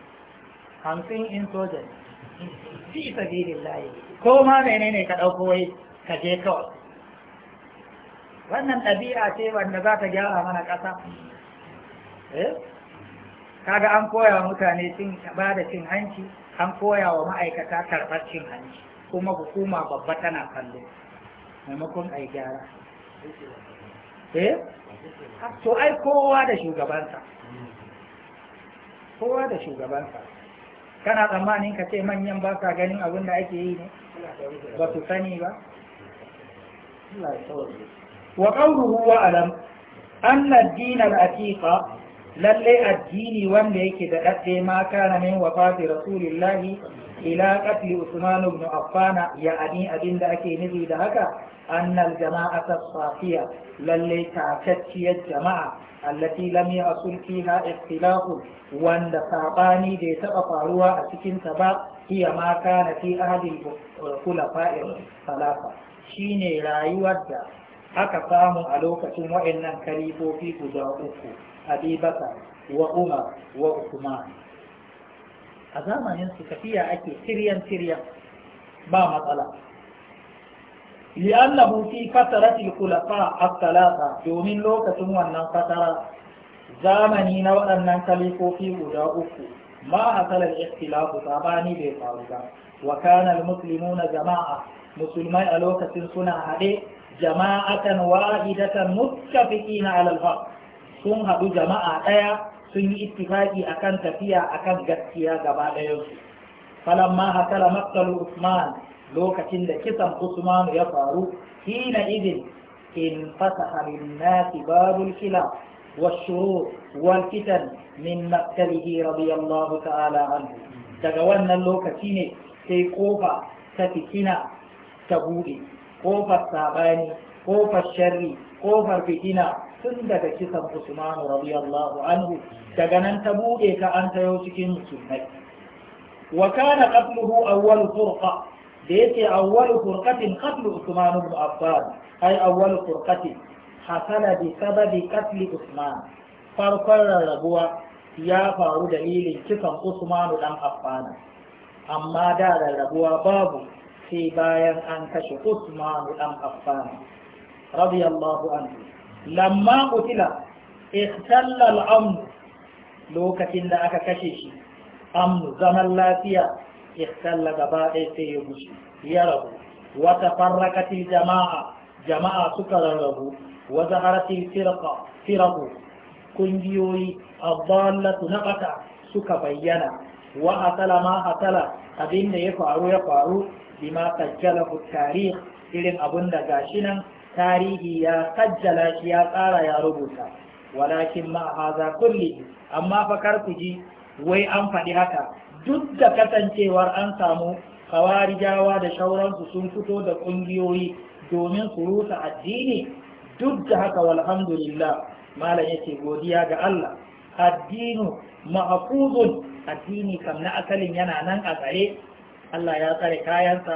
hamsin in soja ne fi sabilin layi ko ma menene ka ɗauko wai ka je kawai wannan ɗabi'a ce wanda za ta gyara mana ƙasa eh? kaga an koya wa mutane cin ba da cin hanci an koya wa ma'aikata karɓar cin hanci kuma hukuma babba tana kallo maimakon a gyara eh to ai kowa da shugabansa kowa da shugabansa kana tsammanin ka ce manyan ba sa ganin abin da ake yi ne ba su sani ba wa qawluhu wa alam an na Lallai addini wanda yake da ɗaɗɗe ma kana min wafati rasulillahi ila qatli usman ibn affan ya ani abinda ake nufi da haka annal jama'a safiya lallai takacciyar jama'a allati lam yasul fiha ikhtilafu wanda sabani da ya taba faruwa a cikin ta ba hiya ma kana fi ahadil khulafa'ir salafa shine rayuwar da aka samu a lokacin wa'annan kalifofi guda uku abi bakar wa umar wa a zamanin su tafiya ake siryan siryan ba matsala li'annahu fi fatarati al-khulafa al-thalatha domin lokacin wannan fatara zamani na waɗannan kalifofi guda uku ma hasal al-ikhtilaf sabani bai faru ba wa kana al-muslimuna jama'a musulmai a lokacin suna haɗe jama'atan wahidatan muttafiqina ala al-haqq sun haɗu jama'a ɗaya sun yi ittifaqi akan tafiya akan gaskiya gaba ɗayansu falamma hakala maktalu usman lokacin da kisan usman ya faru hina idin in fasaha linnasi babul khilaf والشرور والفتن من مقتله رضي lahu ta'ala عنه daga wannan lokaci ne sai kofa ta fitina ta buɗe kofar sabani kofar sharri kofar fitina tun daga kisan Usman radiyallahu anhu daga nan ta buɗe ka an tayo cikin musulmai wa kana qatluhu awwal furqa da yake awwal furqatin qatlu Usman ibn Affan ai awwal furqatin hasala bi sababi qatli Usman farkon rarrabuwa ya faru dalilin kisan Usmanu dan Affan amma da rarrabuwa babu sai bayan an kashe Usman dan Affan radiyallahu anhu lamma qutila ihtalla al-amn lokacin da aka kashe shi amn zaman lafiya ihtalla gaba ɗaya sai ya gushi ya rabu wa tafarraqatil jama'a jama'a suka rarrabu wa zaharatil firqa firqu kungiyoyi adallatu naqata suka bayyana wa asala ma asala da ya faru ya faru bima sajjalahu tarikh irin abun da gashi nan tarihi ya sajjala shi ya tsara ya rubuta walakin ma haza kulli amma fa kar ku ji wai an faɗi haka duk da kasancewar an samu kawarijawa da shauransu sun fito da ƙungiyoyi domin su rusa addini duk da haka walhamdulillah malam yace godiya ga Allah addinu mahfuzun addini kam na asalin yana nan a tsare Allah ya tsare kayansa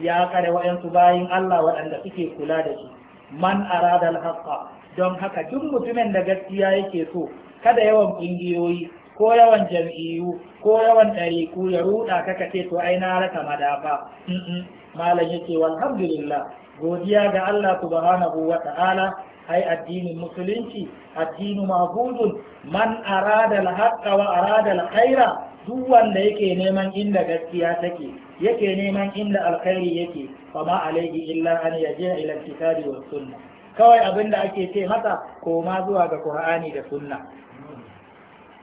ya kare wa'yansu bayin Allah waɗanda suke kula da shi man arada alhaqqa don haka duk mutumin da gaskiya yake so kada yawan ƙungiyoyi ko yawan jam'iyyu ko yawan ɗariku ya ruɗa ka ce to ai na raka madafa malam yake walhamdulillah godiya ga Allah subhanahu wa ta'ala ai addinin musulunci addinu mabudun man arada alhaqqa wa arada alkhaira duk wanda yake neman inda gaskiya take yake neman inda alkhairi yake fama alaihi illa an yaje ila kitabi wa sunna kawai abinda ake ce masa koma zuwa ga qur'ani da sunna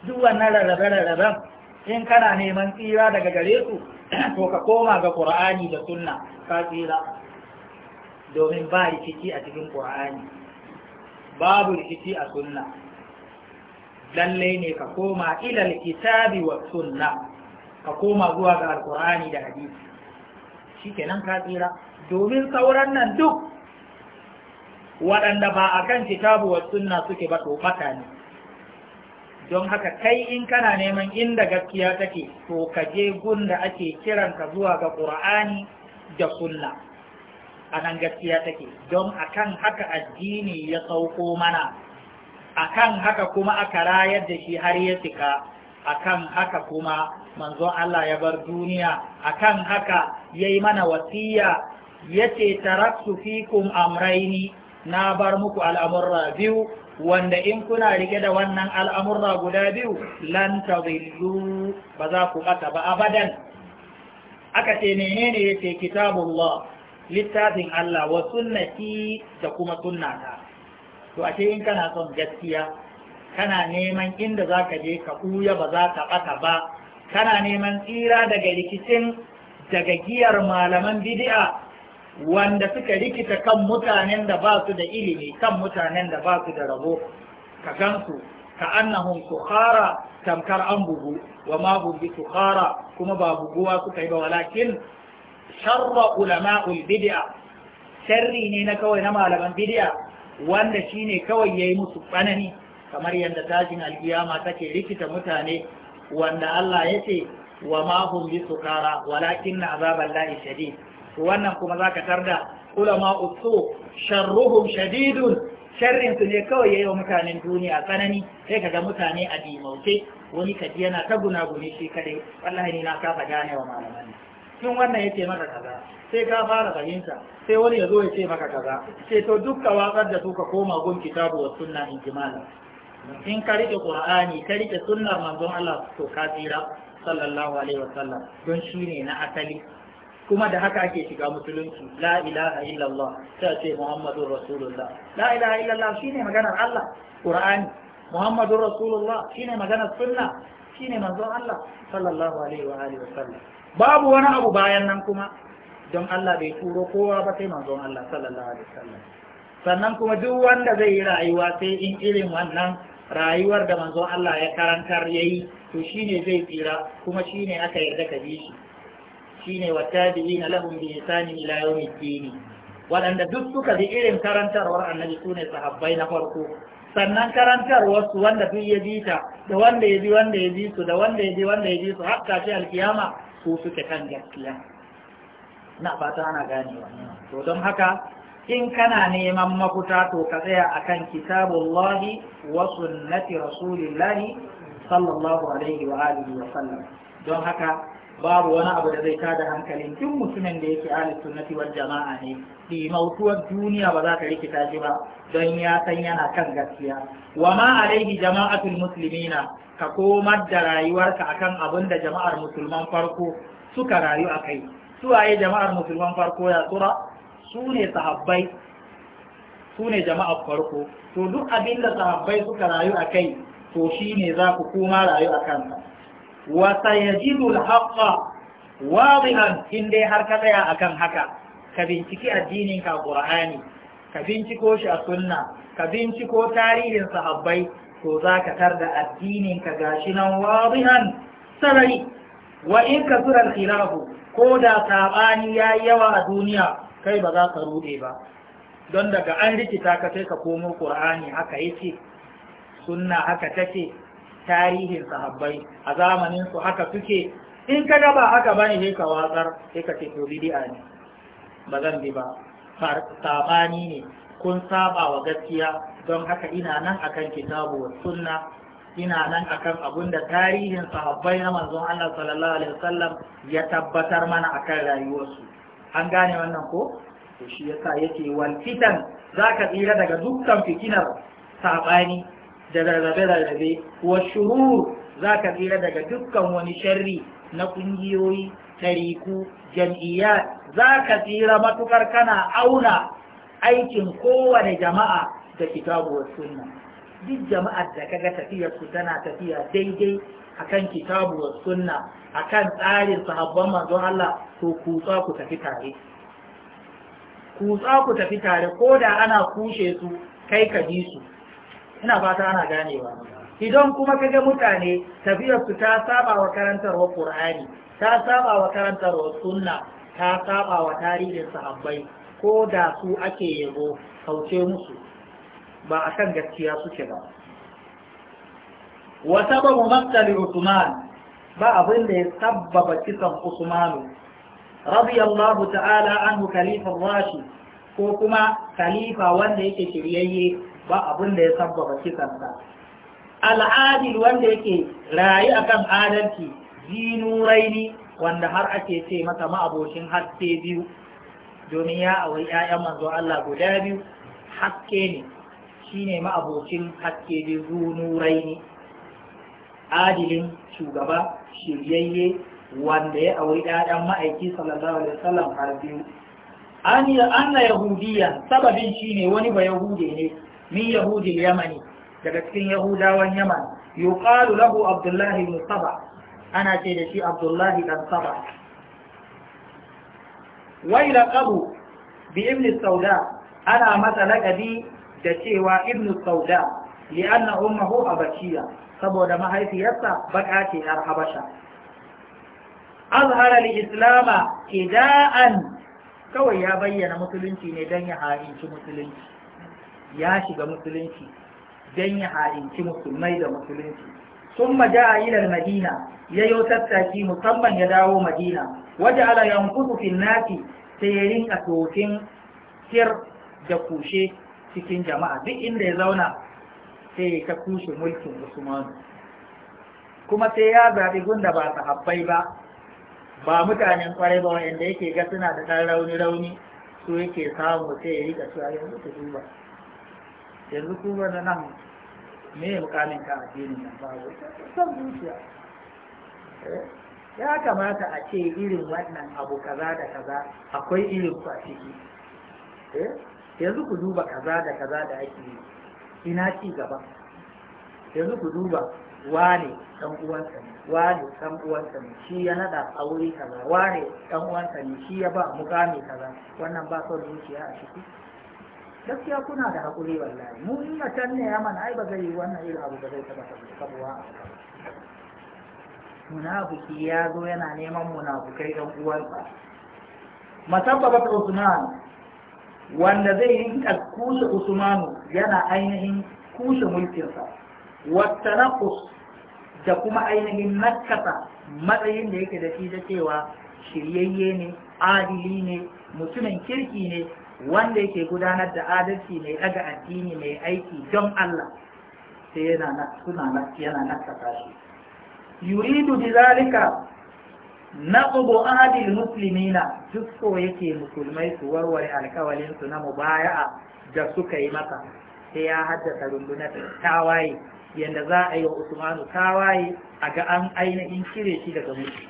duk wannan rarrabe rarraben in kana neman tsira daga gare su [CLEARS THROAT] to ka koma ga qur'ani da sunna ka tsira domin ba rikici a cikin qur'ani babu rikici a sunna lallai ne ka koma ilal kitabi wa sunna ka koma zuwa ga alkur'ani da hadisi shikenan ka tsira domin sauran nan duk waɗanda ba a kan kitabu wa sunna suke ba to ne don haka kai in kana neman inda gaskiya take to ka je gun da ake kiranka zuwa ga ƙur'ani da sunna a nan gaskiya take don akan haka addini ya sauko mana akan haka kuma a kara yadda shi har ya cika akan haka kuma manzo Allah ya bar duniya akan haka yayi mana wasiya yace taraktu fikum amraini na bar muku al'amurra biyu wanda in kuna rike da wannan al'amurra guda biyu lan tadillu ba za ku ɓata ba abadan aka ce menene yace kitabullah littafin Allah wa sunnati da kuma sunnata to ce in kana son gaskiya kana neman inda za ka je ka ɓuya ba za ka ɓata ba kana neman tsira daga rikicin daga giyar malaman bidi'a wanda suka rikita kan mutanen da ba su da ilimi kan mutanen da ba su da rabo ka gan su ka su kara tamkar an bugu wa ma su kara kuma ba buguwa suka yi ba walakin sharra ul bid'a sharri ne na kawai na malaman bidi'a wanda shi ne kawai yayi musu tsanani kamar yadda tashin alkiyama take rikita mutane wanda Allah ya ce wa ma hum bi sukara walakin na azaban lahi shadid wannan kuma zaka tarda ulama usu sharruhum shadidun sharrin su ne kawai yayi wa mutanen duniya tsanani sai kaga mutane a dimauce wani kaji yana ta guni shi kare. wallahi ni na kafa gane wa malaman tun wannan yace maka kaza sai ka fara fahimta sai wani ya zo ya ce maka kaza sai to dukka watsar da su ka koma gun kitabu wa sunna in in ka rike qur'ani ka rike sunnar manzon Allah to ka tsira sallallahu alaihi wasallam don shi ne na asali kuma da haka ake shiga musulunci la ilaha illallah sai ce muhammadur rasulullah la ilaha illallah shine maganar Allah qur'ani muhammadur rasulullah shine maganar sunna shine manzon Allah sallallahu alaihi wa alihi wasallam babu wani abu bayan nan kuma don Allah bai turo kowa ba sai manzon Allah sallallahu alaihi wasallam sannan kuma duk wanda zai yi rayuwa sai in irin wannan rayuwar da manzon Allah ya karantar yayi to shine zai tsira kuma shine aka yarda ka bi shi shine wattabi'ina lahum bi isani ila yawmiddin waɗanda duk suka bi irin karantarwar annabi sune sahabbai na farko sannan karantarwar su wanda duk ya bi ta da wanda ya bi wanda ya bi su da wanda ya bi wanda ya bi su har kashi alkiyama su suke kan gaskiya na fata ana gane wannan to don haka in kana neman mafuta to ka tsaya akan kitabullahi wa sunnati rasulillahi sallallahu alaihi wa alihi wa sallam don haka babu wani abu da zai tada hankalin duk mutumin da yake ahli sunnati wal jama'a ne dimautuwar duniya ba za ta rikita shi ba don ya san yana kan gaskiya wa ma alaihi jama'atul muslimina ka komar da rayuwarka akan abin da jama'ar musulman farko suka rayu a kai suwaye jama'ar musulman farko ya tura su ne sahabbai su ne jama'ar farko to duk abinda sahabbai suka rayu a kai to shine ne za ku kuma rayu a kanta. wa sayajidul haqqa in dai har ka tsaya akan haka ka binciki addinin ka qur'ani ka binciko shi a sunna ka binciko tarihin sahabbai to za ka da addinin ka gashi nan wadihan sarari wa in ka al-khilafu ko da saɓani yayi yawa a duniya kai ba za ka ruɗe ba don daga an rikita ka sai ka komo ƙur'ani haka yake sunna haka take tarihin sahabbai a zamanin su haka suke in ka gaba haka bane sai ka watsar sai ka ce to bid'a ne ba zan bi ba sabani ne kun saba wa gaskiya don haka ina nan akan kitabu wa sunna ina nan akan abun da tarihin sahabbai na manzon Allah sallallahu alaihi wasallam ya tabbatar mana akan rayuwarsu an gane wannan ko to shi yasa yake wal fitan zaka tsira daga dukkan fitinar sabani da rarrabe rarrabe wa shurur zaka tsira daga dukkan wani sharri na kungiyoyi tariku jam'iyya zaka tsira matukar kana auna aikin kowane jama'a da kitabu wa sunna duk jama'ar da kaga tafiyar su tana tafiya daidai akan kitabu wa sunna akan tsarin sahabban manzo Allah to kutsa ku tafi tare kutsa ku tafi tare ko da ana kushe su kai ka ji su ina fata ana ganewa idan kuma ka mutane tafiyar su ta saba wa karantar wa Qur'ani ta saba wa karantar wa sunna ta saba wa tarihin sahabbai ko da su ake yabo kauce musu ba akan gaskiya suke ba wa sababu maktali Usman ba abin da ya sabbaba kisan Usmanu radiyallahu ta'ala anhu khalifa rashi ko kuma khalifa wanda yake shiryayye ba abin da ya sabbaba kisansa al'adil wanda yake rayu akan adalci zinuraini wanda har ake ce masa ma'abocin haske biyu domin ya auri 'ya'yan manzo Allah guda biyu haske ne shine ma'abocin haske biyu zinuraini adilin shugaba shiryayye wanda ya auri ɗaɗan ma'aiki sallallahu alaihi wasallam har biyu an na yahudiya sababin shine wani ba yahude ne min yahudi yamani daga cikin yahudawan yaman yuqalu lahu abdullahi ibn saba ana ce da shi abdullahi dan saba wa ila bi ibn sauda ana masa laqabi da cewa ibn sauda li anna ummuhu abakiya saboda mahaifiyarsa baka ce yar habasha azhara islama ida'an kawai ya bayyana musulunci ne don ya ha'inci musulunci ya shiga musulunci don ya ha'inci musulmai da musulunci sun maja a ilal madina ya yi tattaki musamman ya dawo madina waje ala yankusu finnati sai ya rinka tofin sir da kushe cikin jama'a duk inda ya zauna sai ta kushe mulkin Usman kuma sai ya zaɓi gunda ba sahabbai ba ba mutanen kwarai ba wanda yake ga suna da ɗan rauni rauni su yake samu sai ya rika cewa yanzu ta duba yanzu kuma na nan me ya mukamin ka addinin nan babu san zuciya eh, ya kamata a ce irin wannan abu kaza da kaza akwai irin ku ciki eh, yanzu ku duba kaza da kaza da ake yi ina ci gaba yanzu ku duba wane dan uwansa ne wane dan uwansa ne shi ya nada aure kaza wane dan uwansa ne shi ya ba mukami kaza wannan ba son zuciya a ciki gaskiya kuna da hakuri wallahi mu in can ne yaman ai ba zai yi wannan irin abu da zai taba sabuwa munafiki ya zo yana neman munafukai dan uwansa masabba ba Usman wanda zai rinka kusa usmanu yana ainihin kusa mulkinsa wata naƙus da kuma ainihin nakasa matsayin da yake da shi da cewa shiryayye ne adili ne mutumin kirki ne wanda yake gudanar da adalci mai daga addini mai aiki don Allah sai yana nakasa shi yuridu bi zalika na ahadi musulmi na duk so yake musulmai su warware alkawalinsu na mubaya'a da suka yi maka sai ya haddasa rundunar tawaye yadda za a yi wa usmanu tawaye a ga an ainihin cire shi daga mulki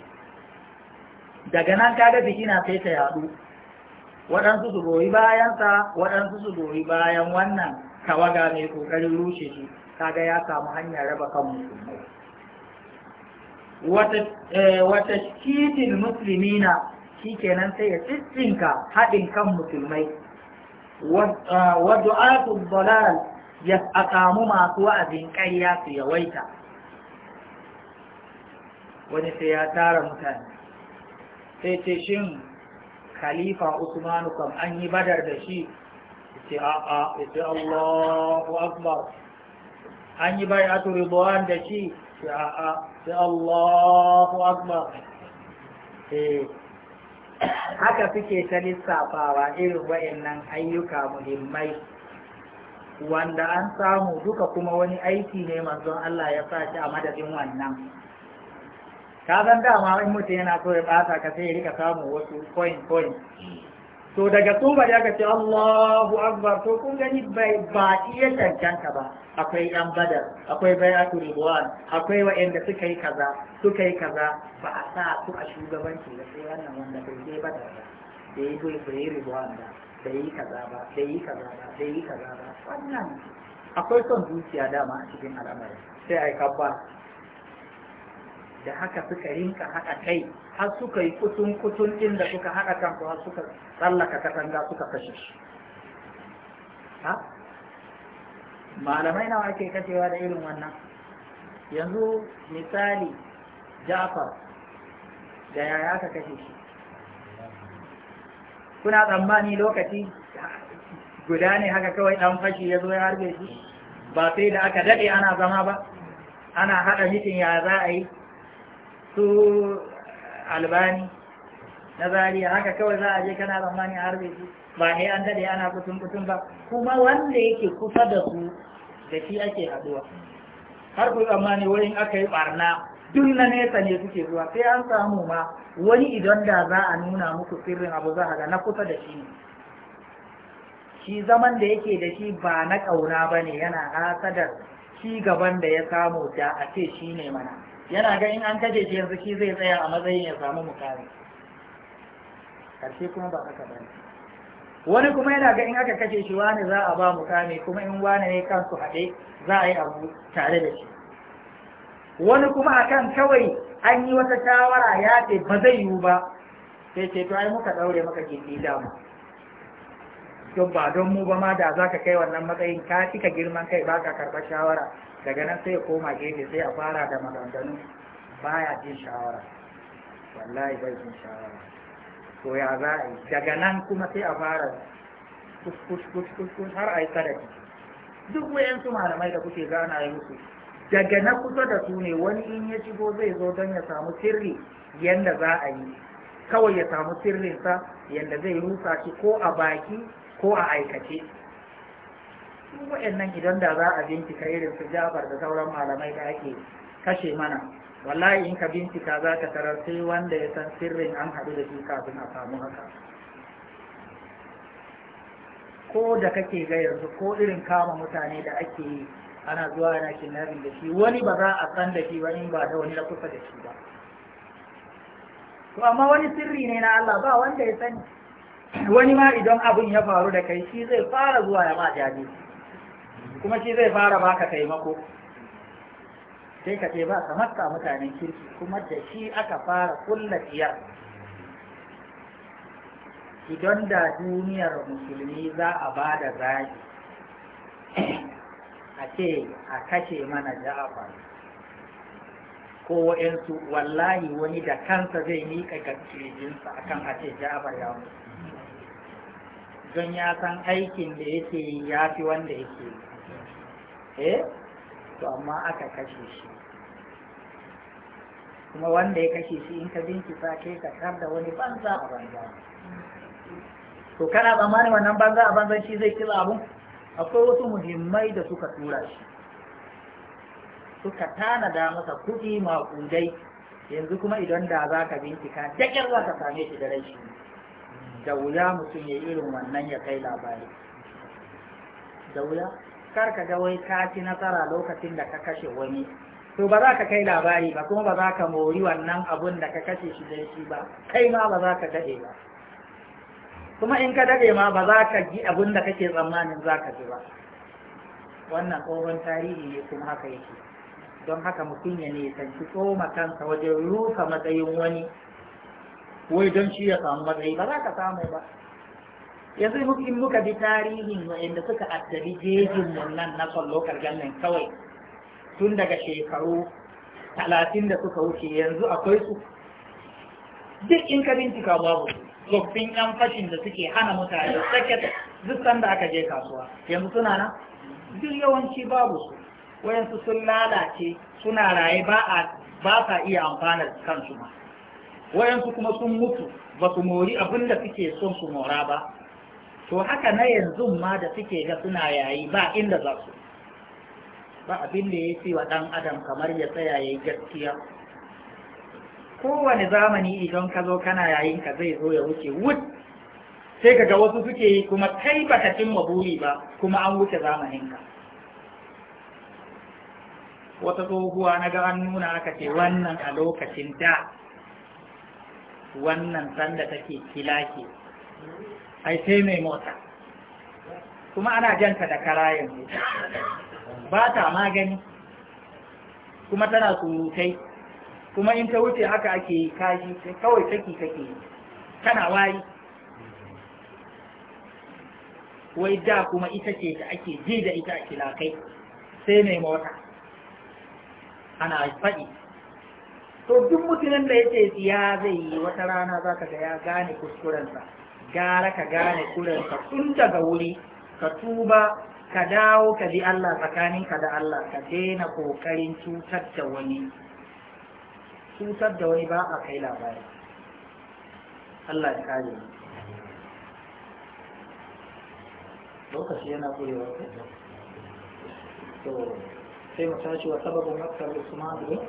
daga nan kaga bikina sai ta yadu waɗansu su goyi bayansa waɗansu su goyi bayan wannan tawaga mai kokarin rushe shi kaga ya samu hanyar raba kan musulmai wata eh, shitin musulmina shi kenan sai ya tsitsinka haɗin kan musulmai eh, wadda ayatul dalal ya akamu masu wa'azin ƙarya su yawaita wani sai ya tara mutane sai ce shin khalifa usmanu kam an yi badar da shi ce a'a ya ce allahu akbar an yi bai atu da shi sai sai Allah Akbar eh. haka suke ta lissafawa irin wa'annan ayyuka muhimmai wanda an samu duka kuma wani aiki ne manzon Allah ya sa shi a madadin wannan ka san dama in mutum yana so ya bata ka sai ya rika samu wasu coin coin hmm. to daga tsuba da aka ce Allahu Akbar to kun gani bai ba iya cancanta ba akwai yan badar akwai bayatu ridwan akwai wa'anda suka yi kaza suka yi kaza ba a sa su a shugabanci da sai wannan wanda bai je badar ba da yi bai bai ridwan ba da yi kaza ba da yi kaza ba da yi kaza ba wannan akwai son zuciya dama a cikin al'amari sai ai kabba da haka suka rinka haɗa kai har suka yi kutun kutun din da suka haɗa ko har suka tsallaka katanga suka kashe shi malamai nawa ake kashewa da irin wannan yanzu misali jafar da ya aka kashe shi kuna tsammani lokaci guda ne haka kawai dan fashi ya zo ya harbe shi ba sai da aka daɗe ana zama ba ana haɗa mitin ya za a yi su albani na zariya haka kawai za a je kana zamani a harbe su ba ne an dade ana kutun kutun ba kuma wanda yake kusa da su da shi ake haduwa har ku zamani wurin aka yi barna duk na nesa ne suke zuwa sai an samu ma wani idan da za a nuna muku sirrin abu za a ga na kusa da shi ne shi zaman da yake da shi ba na ƙauna ba ne yana hasadar ci gaban da ya samu da a ce shi ne mana yana ga in an kaje shi yanzu shi zai tsaya a matsayin ya samu mukami karshe kuma ba haka ba wani kuma yana ga in aka kace shi wani za a ba mukami kuma in wani ne kansu haɗe za a yi abu tare da shi wani kuma akan kawai an yi wata shawara ya ce ba zai yiwu ba sai ce to ai muka ɗaure maka gindi dama don ba don mu ba ma da za ka kai wannan matsayin ka ka girman kai ba ka karɓar shawara daga nan sai ya koma gefe sai a fara da maganganu baya jin shawara wallahi bai jin shawara to ya za a yi daga nan kuma sai a fara kuskus har a yi sadaki duk wayansu malamai da kuke gana yi musu daga na kusa da su ne wani in ya shigo zai zo don ya samu sirri yadda za a yi kawai ya samu sirrinsa yadda zai rusa shi ko a baki ko a aikace su wa'annan idan da za a bincika irin su jabar da sauran malamai da ake kashe mana wallahi in ka bincika za ka tarar sai wanda ya san sirrin an haɗu da shi kafin a samu haka ko da kake ga yanzu ko irin kama mutane da ake yi ana zuwa yana kinnabin da shi wani ba za a san da shi ba in ba da wani na kusa da shi ba to amma wani sirri ne na Allah ba wanda ya sani wani ma idan abin ya faru da kai shi zai fara zuwa ya ma jaje kuma shi zai fara baka taimako sai ka ce ba ka matsa mutanen kirki kuma da shi aka fara kulla tsiyar idan da duniyar musulmi za a ba da zafi, a ce a kashe mana ja'afar ko wa'yansu wallahi wani da kansa zai miƙa ga kirjinsa akan a ce ja'afar ya wani don ya san aikin da yake yafi wanda yake yi eh to amma aka kashe shi kuma wanda ya kashe shi in ka bincika kai ka kar da wani banza a banza to kana tsammanin wannan banza a banza shi zai kila abun akwai wasu muhimmai da suka tura shi suka tanada masa kuɗi maƙudai yanzu kuma idan da za ka bincika daƙar za ka same shi da rai shi da wuya mutum ya irin wannan ya kai labari da wuya kar ka ga wai ka ci nasara lokacin da ka kashe wani to ba za ka kai labari ba kuma ba za ka mori wannan abun da ka kashe shi dai shi ba kai ma ba za ka daɗe ba kuma in ka daɗe ma ba za ka ji abun da kake tsammanin za ka ji ba wannan tsohon tarihi ne kuma haka yake don haka mutum ya nisanci tsoma kansa wajen rusa matsayin wani wai don shi ya samu matsayi ba za ka samu ba yanzu in muka bi tarihin wa'inda suka addabi jejin wannan na son lokar gannan kawai tun daga shekaru talatin da suka wuce yanzu akwai su duk in ka bincika babu tsoffin yan fashin da suke hana mutane sake duk sanda aka je kasuwa yanzu suna na? duk yawanci babu su wayansu sun lalace suna raye ba sa iya amfana kansu ma wayansu kuma sun mutu ba su mori abin da suke son su mora ba to haka na yanzu ma da suke ga suna yayi ba inda za su ba abin da ya fi wa ɗan adam kamar ya tsaya ya yi gaskiya kowane zamani idan ka zo kana yayin ka zai zo ya wuce wut sai ka ga wasu suke yi kuma kai baka cimma buri ba kuma an wuce zamaninka wata tsohuwa na ga an nuna aka ce wannan a lokacin da wannan sanda take kilaki ai sai mai mota kuma ana janta da kara ba ta magani kuma tana surutai kuma in ta wuce haka ake yi kashi kawai saki take yi tana wayi wai da kuma ita ce da ake ji da ita a kilakai sai mai mota ana faɗi to duk mutumin da ya ce ya zai yi wata rana za ka ga ya gane kuskurensa gara ka gane ka tun daga wuri ka tuba ka dawo ka bi Allah tsakaninka da Allah ka daina kokarin cutar da wani cutar da wani ba a kai labari Allah ya kare mu lokaci yana kurewa to sai mu tashi wa sababin makar Usman ne eh?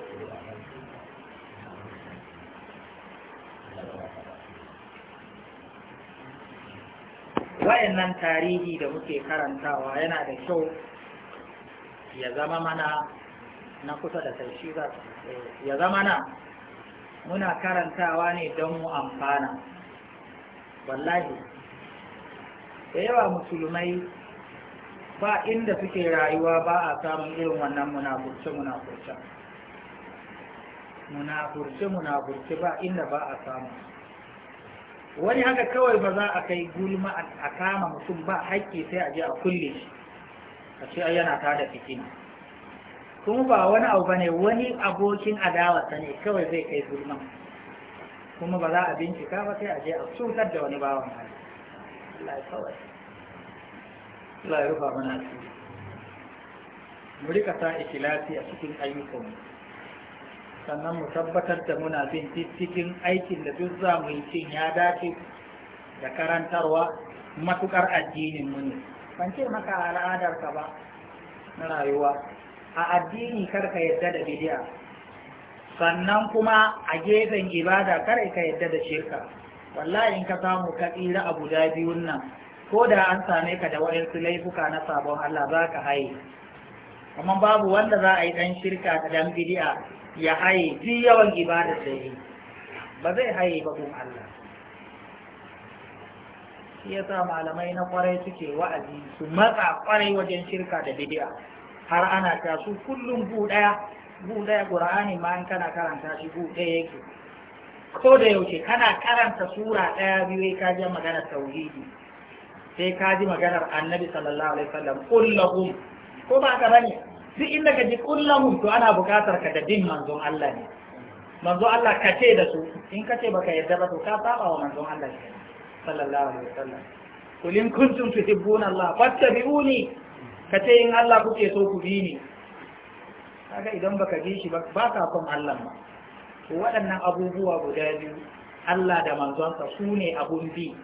Wayan nan tarihi da muke karantawa yana da kyau ya zama mana na kusa da tashi eh, ya zama na muna karantawa ne don mu amfana wallahi da yawa musulmai ba inda suke rayuwa ba a samun irin wannan munafurci munafurci munafurci munafurci ba inda ba a samu wani haka kawai ba za a kai gulma a kama mutum ba haƙƙi sai a je a kulle shi a ce yana tada da fitina kuma ba wani abu bane wani abokin ta ne kawai zai kai gulma kuma ba za a bincika ba sai a je a cutar da wani bawan hali Allah ya kawai Allah ya rufa mana su mu rika sa ikilasi a cikin ayyukanmu sannan mu tabbatar da muna bin cikin aikin da duk za mu yi cin ya dace da karantarwa matukar addinin mu ne ban ce maka al'adarka ba na rayuwa a addini kar ka yadda da bidiya sannan kuma a gefen ibada kar ka yadda da shirka wallahi in ka samu ka tsira a guda biyun nan ko da an same ka da waɗansu laifuka na sabon Allah za ka haye amma babu wanda za a yi ɗan shirka da ɗan bidi'a ya haye fi yawan ibada da yi ba zai haye ba kun Allah shi ya sa malamai na kwarai suke wa'azi su matsa kwarai wajen shirka da bidiya har ana ta su kullum bu daya bu daya qur'ani ma in kana karanta shi bu daya yake ko da yaushe kana karanta sura daya biyu ka ji maganar tauhidi sai ka ji maganar annabi sallallahu alaihi wasallam kullahum ko ba ka bane duk inda ka ji kullum to ana buƙatar ka da din manzon Allah ne manzon Allah ka ce da su in ka ce baka yarda ba to ka saba wa manzon Allah sallallahu alaihi wasallam kul in kuntum tuhibbuna Allah fattabi'uni ka ce in Allah kuke so ku bi ni kaga idan baka bi shi ba ka son Allah ba to waɗannan abubuwa guda biyu Allah da manzonsa su ne abun bi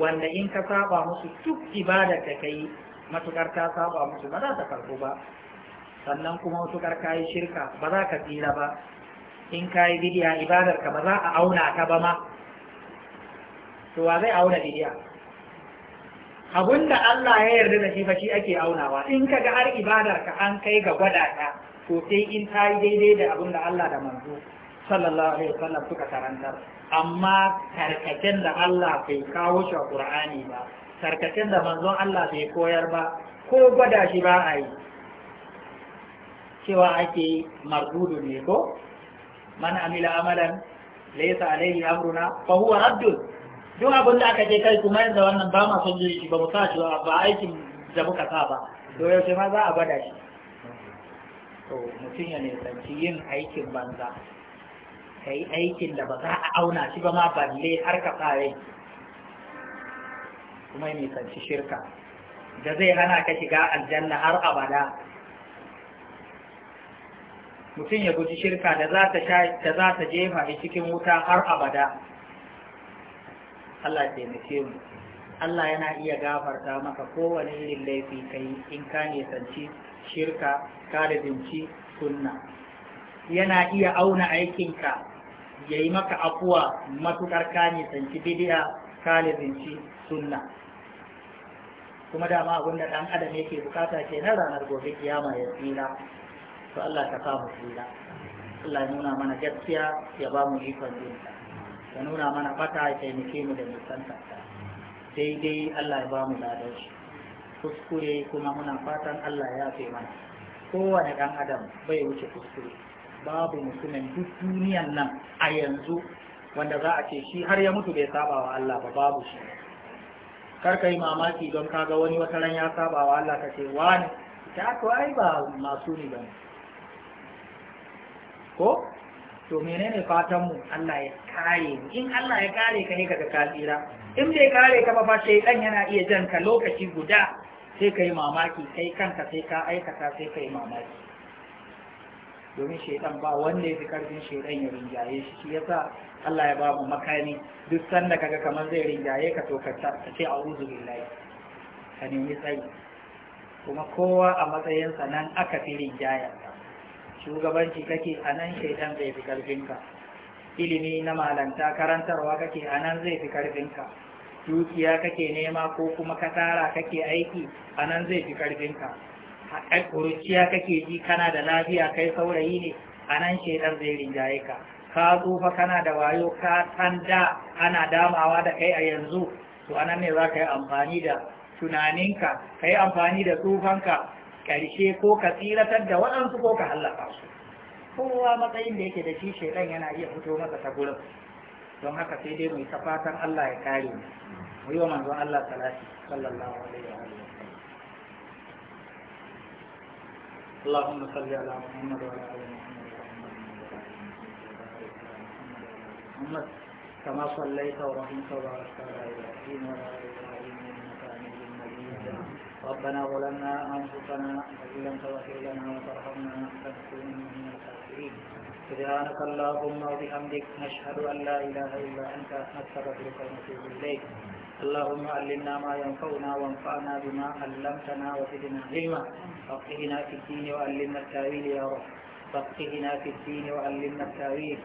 wanda in ka saba musu duk ibadar da kai matukar ta saba musu ba za ta karbu ba sannan kuma wasu karkayi shirka ba za ka tsira ba in ka yi bidiya ibadarka ba za a auna ka ba ma to wa zai auna bidiya abinda Allah ya yarda da shi fa shi ake aunawa in ka ga har ibadarka an kai ga gwada ta to sai in ta yi daidai da abinda Allah da manzo sallallahu alaihi wasallam suka karantar amma karkacen da Allah bai kawo shi a Qur'ani ba karkacen da manzon Allah bai koyar ba ko gwada shi ba a yi cewa ake marbudu ne ko man amila amalan laysa alayhi amruna fa huwa raddun duk abin da aka je kai kuma yanzu wannan ba ma son shi ba mu sa shi ba aikin da muka sa ba to yaushe ma za a bada shi to mutum ya nisanci yin aikin banza ka yi aikin da ba za a auna shi ba ma balle har ka sa rai kuma ya nisanci shirka da zai hana ka shiga aljanna har abada mutum ya guji shirka da za ta jefa a cikin wuta har abada Allah taimake mu Allah yana iya gafarta maka kowane irin laifi kai in ka nisanci shirka ka sunna yana iya auna aikinka ya yi maka afuwa matukar ka nisanci bidiya ka sunna kuma dama abin da ɗan adam yake bukata ke na ranar gobe kiyama ya tsira to Allah ta sa mu Allah ya nuna mana gaskiya ya ba mu ikon dinta ya nuna mana fata ya taimake mu da nisanta daidai Allah ya ba mu ladar shi kuskure kuma muna fatan Allah ya fi mana kowane ɗan adam bai wuce kuskure babu musulmin duk duniyan nan a yanzu wanda za a ce shi har ya mutu bai saba wa Allah ba babu shi kar ka yi mamaki don kaga wani wata ran ya saba wa Allah ka ce wani ta ai ba masu ni bane ko to menene fatan mu Allah ya kare mu in Allah ya kare ka ne kaga ka tsira in bai kare ka ba fa dan yana iya jan ka lokaci guda sai kai mamaki kai kanka sai ka aikata sai kai mamaki domin shaytan ba wanda ya fi karfin shaytan ya rinjaye shi shi yasa Allah ya ba mu makami duk sanda kaga kamar zai rinjaye ka to ka ce a'udhu billahi ka nemi tsayi kuma kowa a matsayinsa nan aka fi rinjayarsa shugabanci kake a nan shaidan zai fi karfinka ilimi na malanta karantarwa kake a nan zai fi karfinka dukiya kake nema ko kuma ka kake aiki a nan zai fi karfinka haƙar kake ji kana da lafiya kai saurayi ne a nan shaidan zai rinjaye ka ka tsufa kana da wayo ka san da ana damawa da kai a yanzu to a ne za ka yi amfani da tunaninka ka yi amfani da tsufanka ƙarshe ko ka tsiratar da waɗansu ko ka hallaka su kowa matsayin da yake da shi shaidan yana iya fito masa ta gurin don haka sai dai mai ta fatan Allah ya kare mu mu yi wa manzon Allah salati sallallahu alaihi wa alihi اللهم صل على محمد وعلى ال محمد كما صليت ورحمت وباركت على ابراهيم وعلى ال ابراهيم انك حميد مجيد ربنا ظلمنا أنفسنا وإن لم تغفر لنا وترحمنا لنكونن من الخاسرين سبحانك اللهم وبحمدك نشهد أن لا إله إلا أنت نستغفرك ونتوب إليك اللهم علمنا ما ينفعنا وانفعنا بما علمتنا وزدنا علما فقهنا في الدين وعلمنا التاويل يا رب فقهنا في الدين وعلمنا التاويل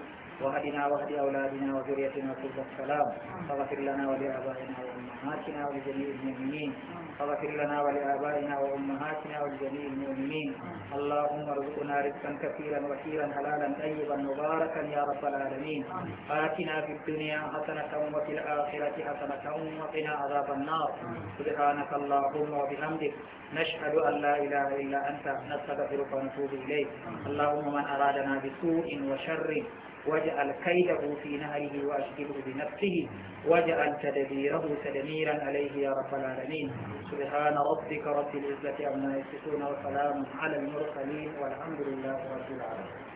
وهدنا وهد أولادنا وذريتنا كل السلام فغفر لنا ولآبائنا وأمهاتنا ولجميع المؤمنين فغفر لنا ولآبائنا وأمهاتنا ولجميع المؤمنين اللهم ارزقنا رزقا كثيرا وكيلا حلالا طيبا مباركا يا رب العالمين آتنا في الدنيا حسنة وفي الآخرة حسنة وقنا عذاب النار سبحانك اللهم وبحمدك نشهد أن لا إله إلا أنت نستغفرك ونتوب إليك اللهم من أرادنا بسوء وشر وجعل كيده في نهره وأشكله بنفسه وجعل تدبيره تدميرا عليه يا رب العالمين سبحان ربك رب العزة عما يصفون وسلام على المرسلين والحمد لله رب العالمين